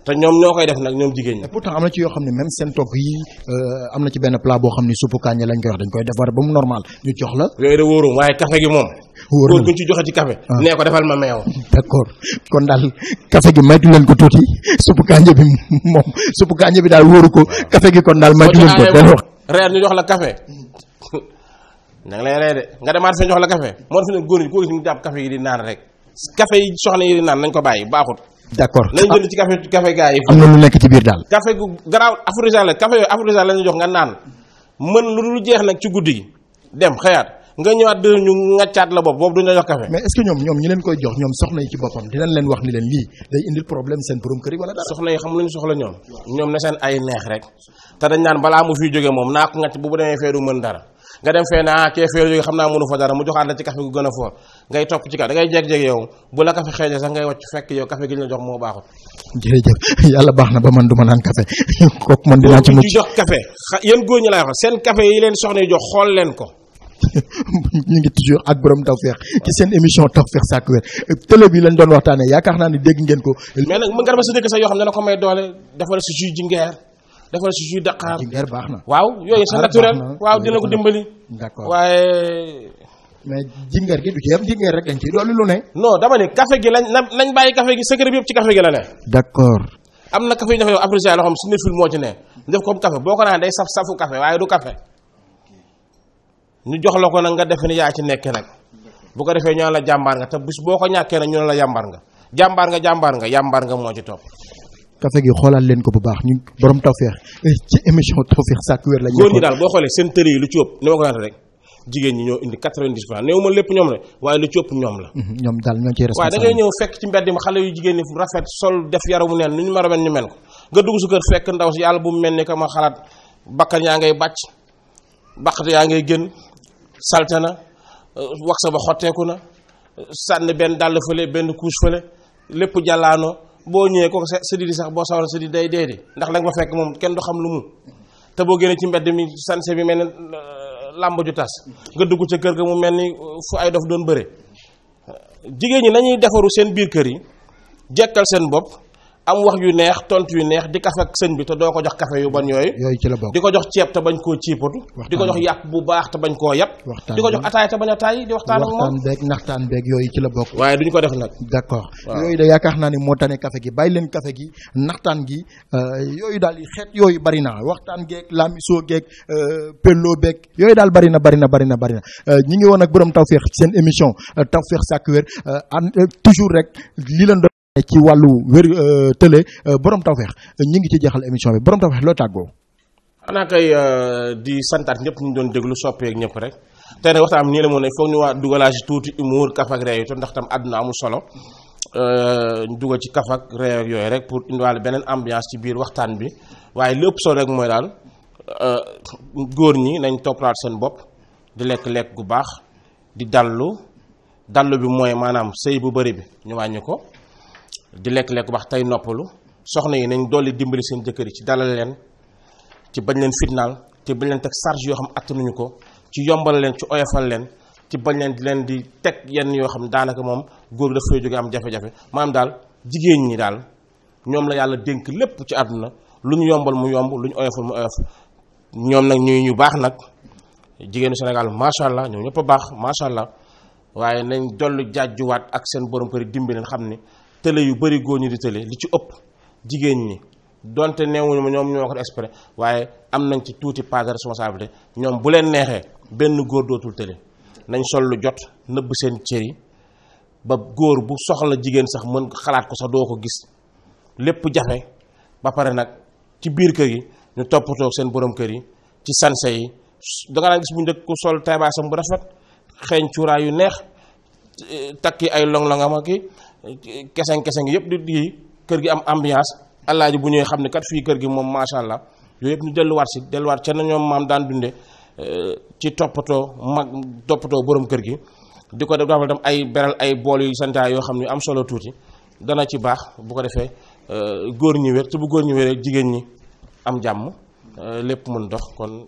te ñoom ñoo koy def nag ñoom jigéen ñi. pourtant am na ci yoo xam ne même seen togg yi euh, am na ci benn plat boo xam ne suppu kànja lañ koy wax dañ koy defar ba mu normal ñu jox la. yooyu de wóorum waaye café gi moom góor gu ci joxati café ah. nee ko defal ma meew d'accord kon daal kafe gi maytu leen ko tuuti suppu kànja bi moom suppu kànja bi daal wóoru ko kafe gi kon daal maytu leen ko del wax reer ñu jox la café da hmm. nga lay nga demaat fa jox la café moo tax ne góor yi di naan rek café soxna yi naan nañ ko bàyyi baaxut d'accord nañ jënd ah. ci café café gars yi am na lu nekk ci biir daal café gu garaaw afrisal la café yooyu afrisal la ñu jox nga naan mën lu dul jeex nag ci guddi gi dem xëyaat nga ñëwaat di ñu ngaccaat la bopp boobu duñ leen koy jox ñoom soxna yi ci boppam dinañ leen wax ni leen lii day indil problème seen borom kër ñoom ñoom na seen naan balaa mu fiy jóge moom naa ko bu bu demee fee du nga dem fee naa kee fee jóge xam naa mënu fa dara mu joxaat la ci café gu gën a foor ngay topp ci kaw da ngay jeg-jeg yow bu la café xeeje gi la jox moo baaxut jërëjëf baax na ba man du ma naan café kooku man dinaa ci mucc jox café yéen góor ñi laay wax seen kafe yi leen soxna yi jox xool leen ko ñu ngi toujours ak borom Tawfekh ci seen émission Tawfekh Sakku Wér télé bi lañ doon waxtane yaakaar naa ni dégg ngeen ko. mais nag mën nga sa dëkk sax yoo xam ne dana ko may doole defal si jus jingeer defal si jus daqaar. jingeer baax na waaw yooyu c'est naturel waaw dina ko dimbali. d'accord waaye. mais jingeer gi du ci yem jingeer rek lañ ci dolli lu ne. non dama ne café gi lañ lañ bàyyi café gi secret bi yëpp ci café gi la ne. d'accord. am na café yu ñu defee yow apprécié loo xam ne fil moo ci ne. def ko café boo ko naan day saf safu café waaye du café ñu jox la ko nag nga defe ne yaa ci nekkee nag bu ko defee ñu ne la jàmbaar nga te bis boo ko ñàkkee nag ñu ne la yàmbaar nga jàmbaar nga jàmbaar nga yàmbaar nga moo ci topp. kase gi leen ko bu baax ñu borom eh, daal boo xoolee seen tëri yi lu ci ëpp ni ma ko waxee rek jigéen ñi ñoo indi 90 pour cent néew ma lépp ñoom la waaye lu ci ëpp ñoom la. Mhm, ñoom daal ñoo ciy ngay ñëw fekk nga dugg su fekk ndaw si yàlla bu mu mel ni que ma xalaat bakkan yaa ngay bàcc baqat yaa ngay génn salte na euh, wax sa ba xotteeku na sànni benn dàll fële benn couche fële lépp jàllaanoo boo ñëwee ko sa di sax boo sawar sa di day dee di ndax la nga fa fekk moom kenn du xam lu mu te boo génnee ci mbedd mi sanse bi mel ne euh, làmb ju tas nga dugg ca kër ga mu mel ni euh, fu ay dof doon bëre jigéen ñi nañuy defaru seen biir kër yi jekkal seen bopp am wax yu neex tontu yu neex di kaf ak sëñ bi te do ko jox kafe yu ban yoy yoy ci la bok diko jox ceeb te bañ ko ciipatu. diko jox yak bu baax te bañ ko yàpp. diko jox ataay te bañ a taay di waxtan ak moom waxtaan beeg naxtaan beeg yooyu ci la bok waye duñ ko def nak d'accord yoy da de yaakaar naa ne tane kafe gi bàyyi len kafe gi naxtan gi euh, yooyu daal xet yoy bari na waxtaan geeg lamisoo geeg euh, pello bek yoy dal bari na bari na bari na bari na euh, ñi ngi won ak borom tawféex seen émission tawféex sàkk wér toujours rek li leen ci wàllu wér euh, télé euh, borom tawfeex ñu ngi ci jeexal émission bi borom tawfeex loo tàggoo. xanaa kay euh, di santaat ñëpp ñu doon déglu soppeek ñëpp rek tey nag waxtaan bi nii la moo ne foog ñu waa dugalage tuuti humour kaf ak réew yi ndax tam àdduna amul solo ñu dugal ci kaf ak yooyu rek pour indiwaale beneen ambiance ci biir waxtaan bi waaye lépp solo rek mooy daal góor ñi nañ toppalaat seen bopp di lekk lekk gu baax di dallu dallu bi mooy maanaam sëy bu bëri bi di lek lek wax tay noppalu soxna yi nañ doli dimbali seen jëkëri ci dalal leen ci bañ leen fitnal ci bañ leen tek charge yo xam attanuñu ko ci yombal leen ci oyofal leen ci bañ leen di leen di tek yenn yo xam daanaka mom goor da fay joge am jafé jafé manam dal, jigéen ñi dal ñom la yalla denk lepp ci aduna luñu yombal mu yomb luñu oyofal mu oyof ñom nak ñuy ñu bax nak jigéenu Sénégal macha allah ñoom ñëpp a baax allah nañ dollu ak seen borom dimbi len xamni tële yu bëri góor ñi di tële li ci ëpp jigéen ñi donte neewuñu ma ñoom ñoo ko exprès waaye am nañ ci tuuti part de responsabilité ñoom bu leen neexee benn góor dootul tële nañ sol lu jot nëbb seen cër yi ba góor bu soxla jigéen sax mën xalaat ko sax doo ko gis lépp jafe ba pare nag ci biir kër yi ñu toppatoo seen borom kër yi ci sanse yi da nga daan gis bu njëkk ku sol taybaasam bu rafet xeeñ cuuraay yu neex eh, takki ay long-longam keseng keseng yëpp di di kër gi am ambiance alaaji bu ñëwee xam ne kat fii kër gi moom macha allah yooyu yëpp ñu delluwaat si delluwaat ca na ñoom maam daan dunde eh, ci toppatoo mag toppatoo borom kër gi di ko def dafa dem ay beral ay bool yu santaay yoo xam ne am solo tuuti dana ci baax bu ko defee eh, góor ñi wér te bu góor ñi wéree jigéen ñi am jàmm eh, lépp mën dox kon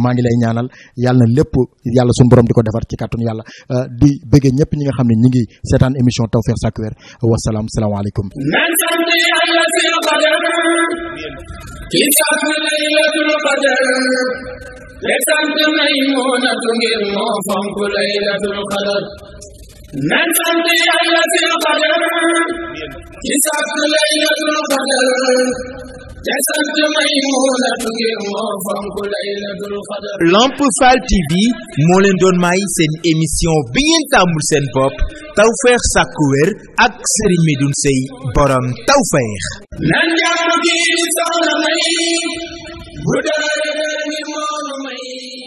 maa ngi lay ñaanal yàlla na lépp yàlla suñu borom di ko defar ci kàttun yàlla euh, di bëggee ñëpp ñi nga xam ne ñi ngi seetaan émission Tawfekh Chaque Weer wasalaam salaamaaleykum nan sant yàlla fi qadar ki sant laylatul qadar le qadar te sant Maymunatu ngir Lamp Fall TV moo leen doon may seen émission bi ngeen tàmmul seen bopp Tawfekh sàkku wér ak Serigne Medoune Seye borom Tawfekh nan jàpp gi soxna may bu dara ni moonu may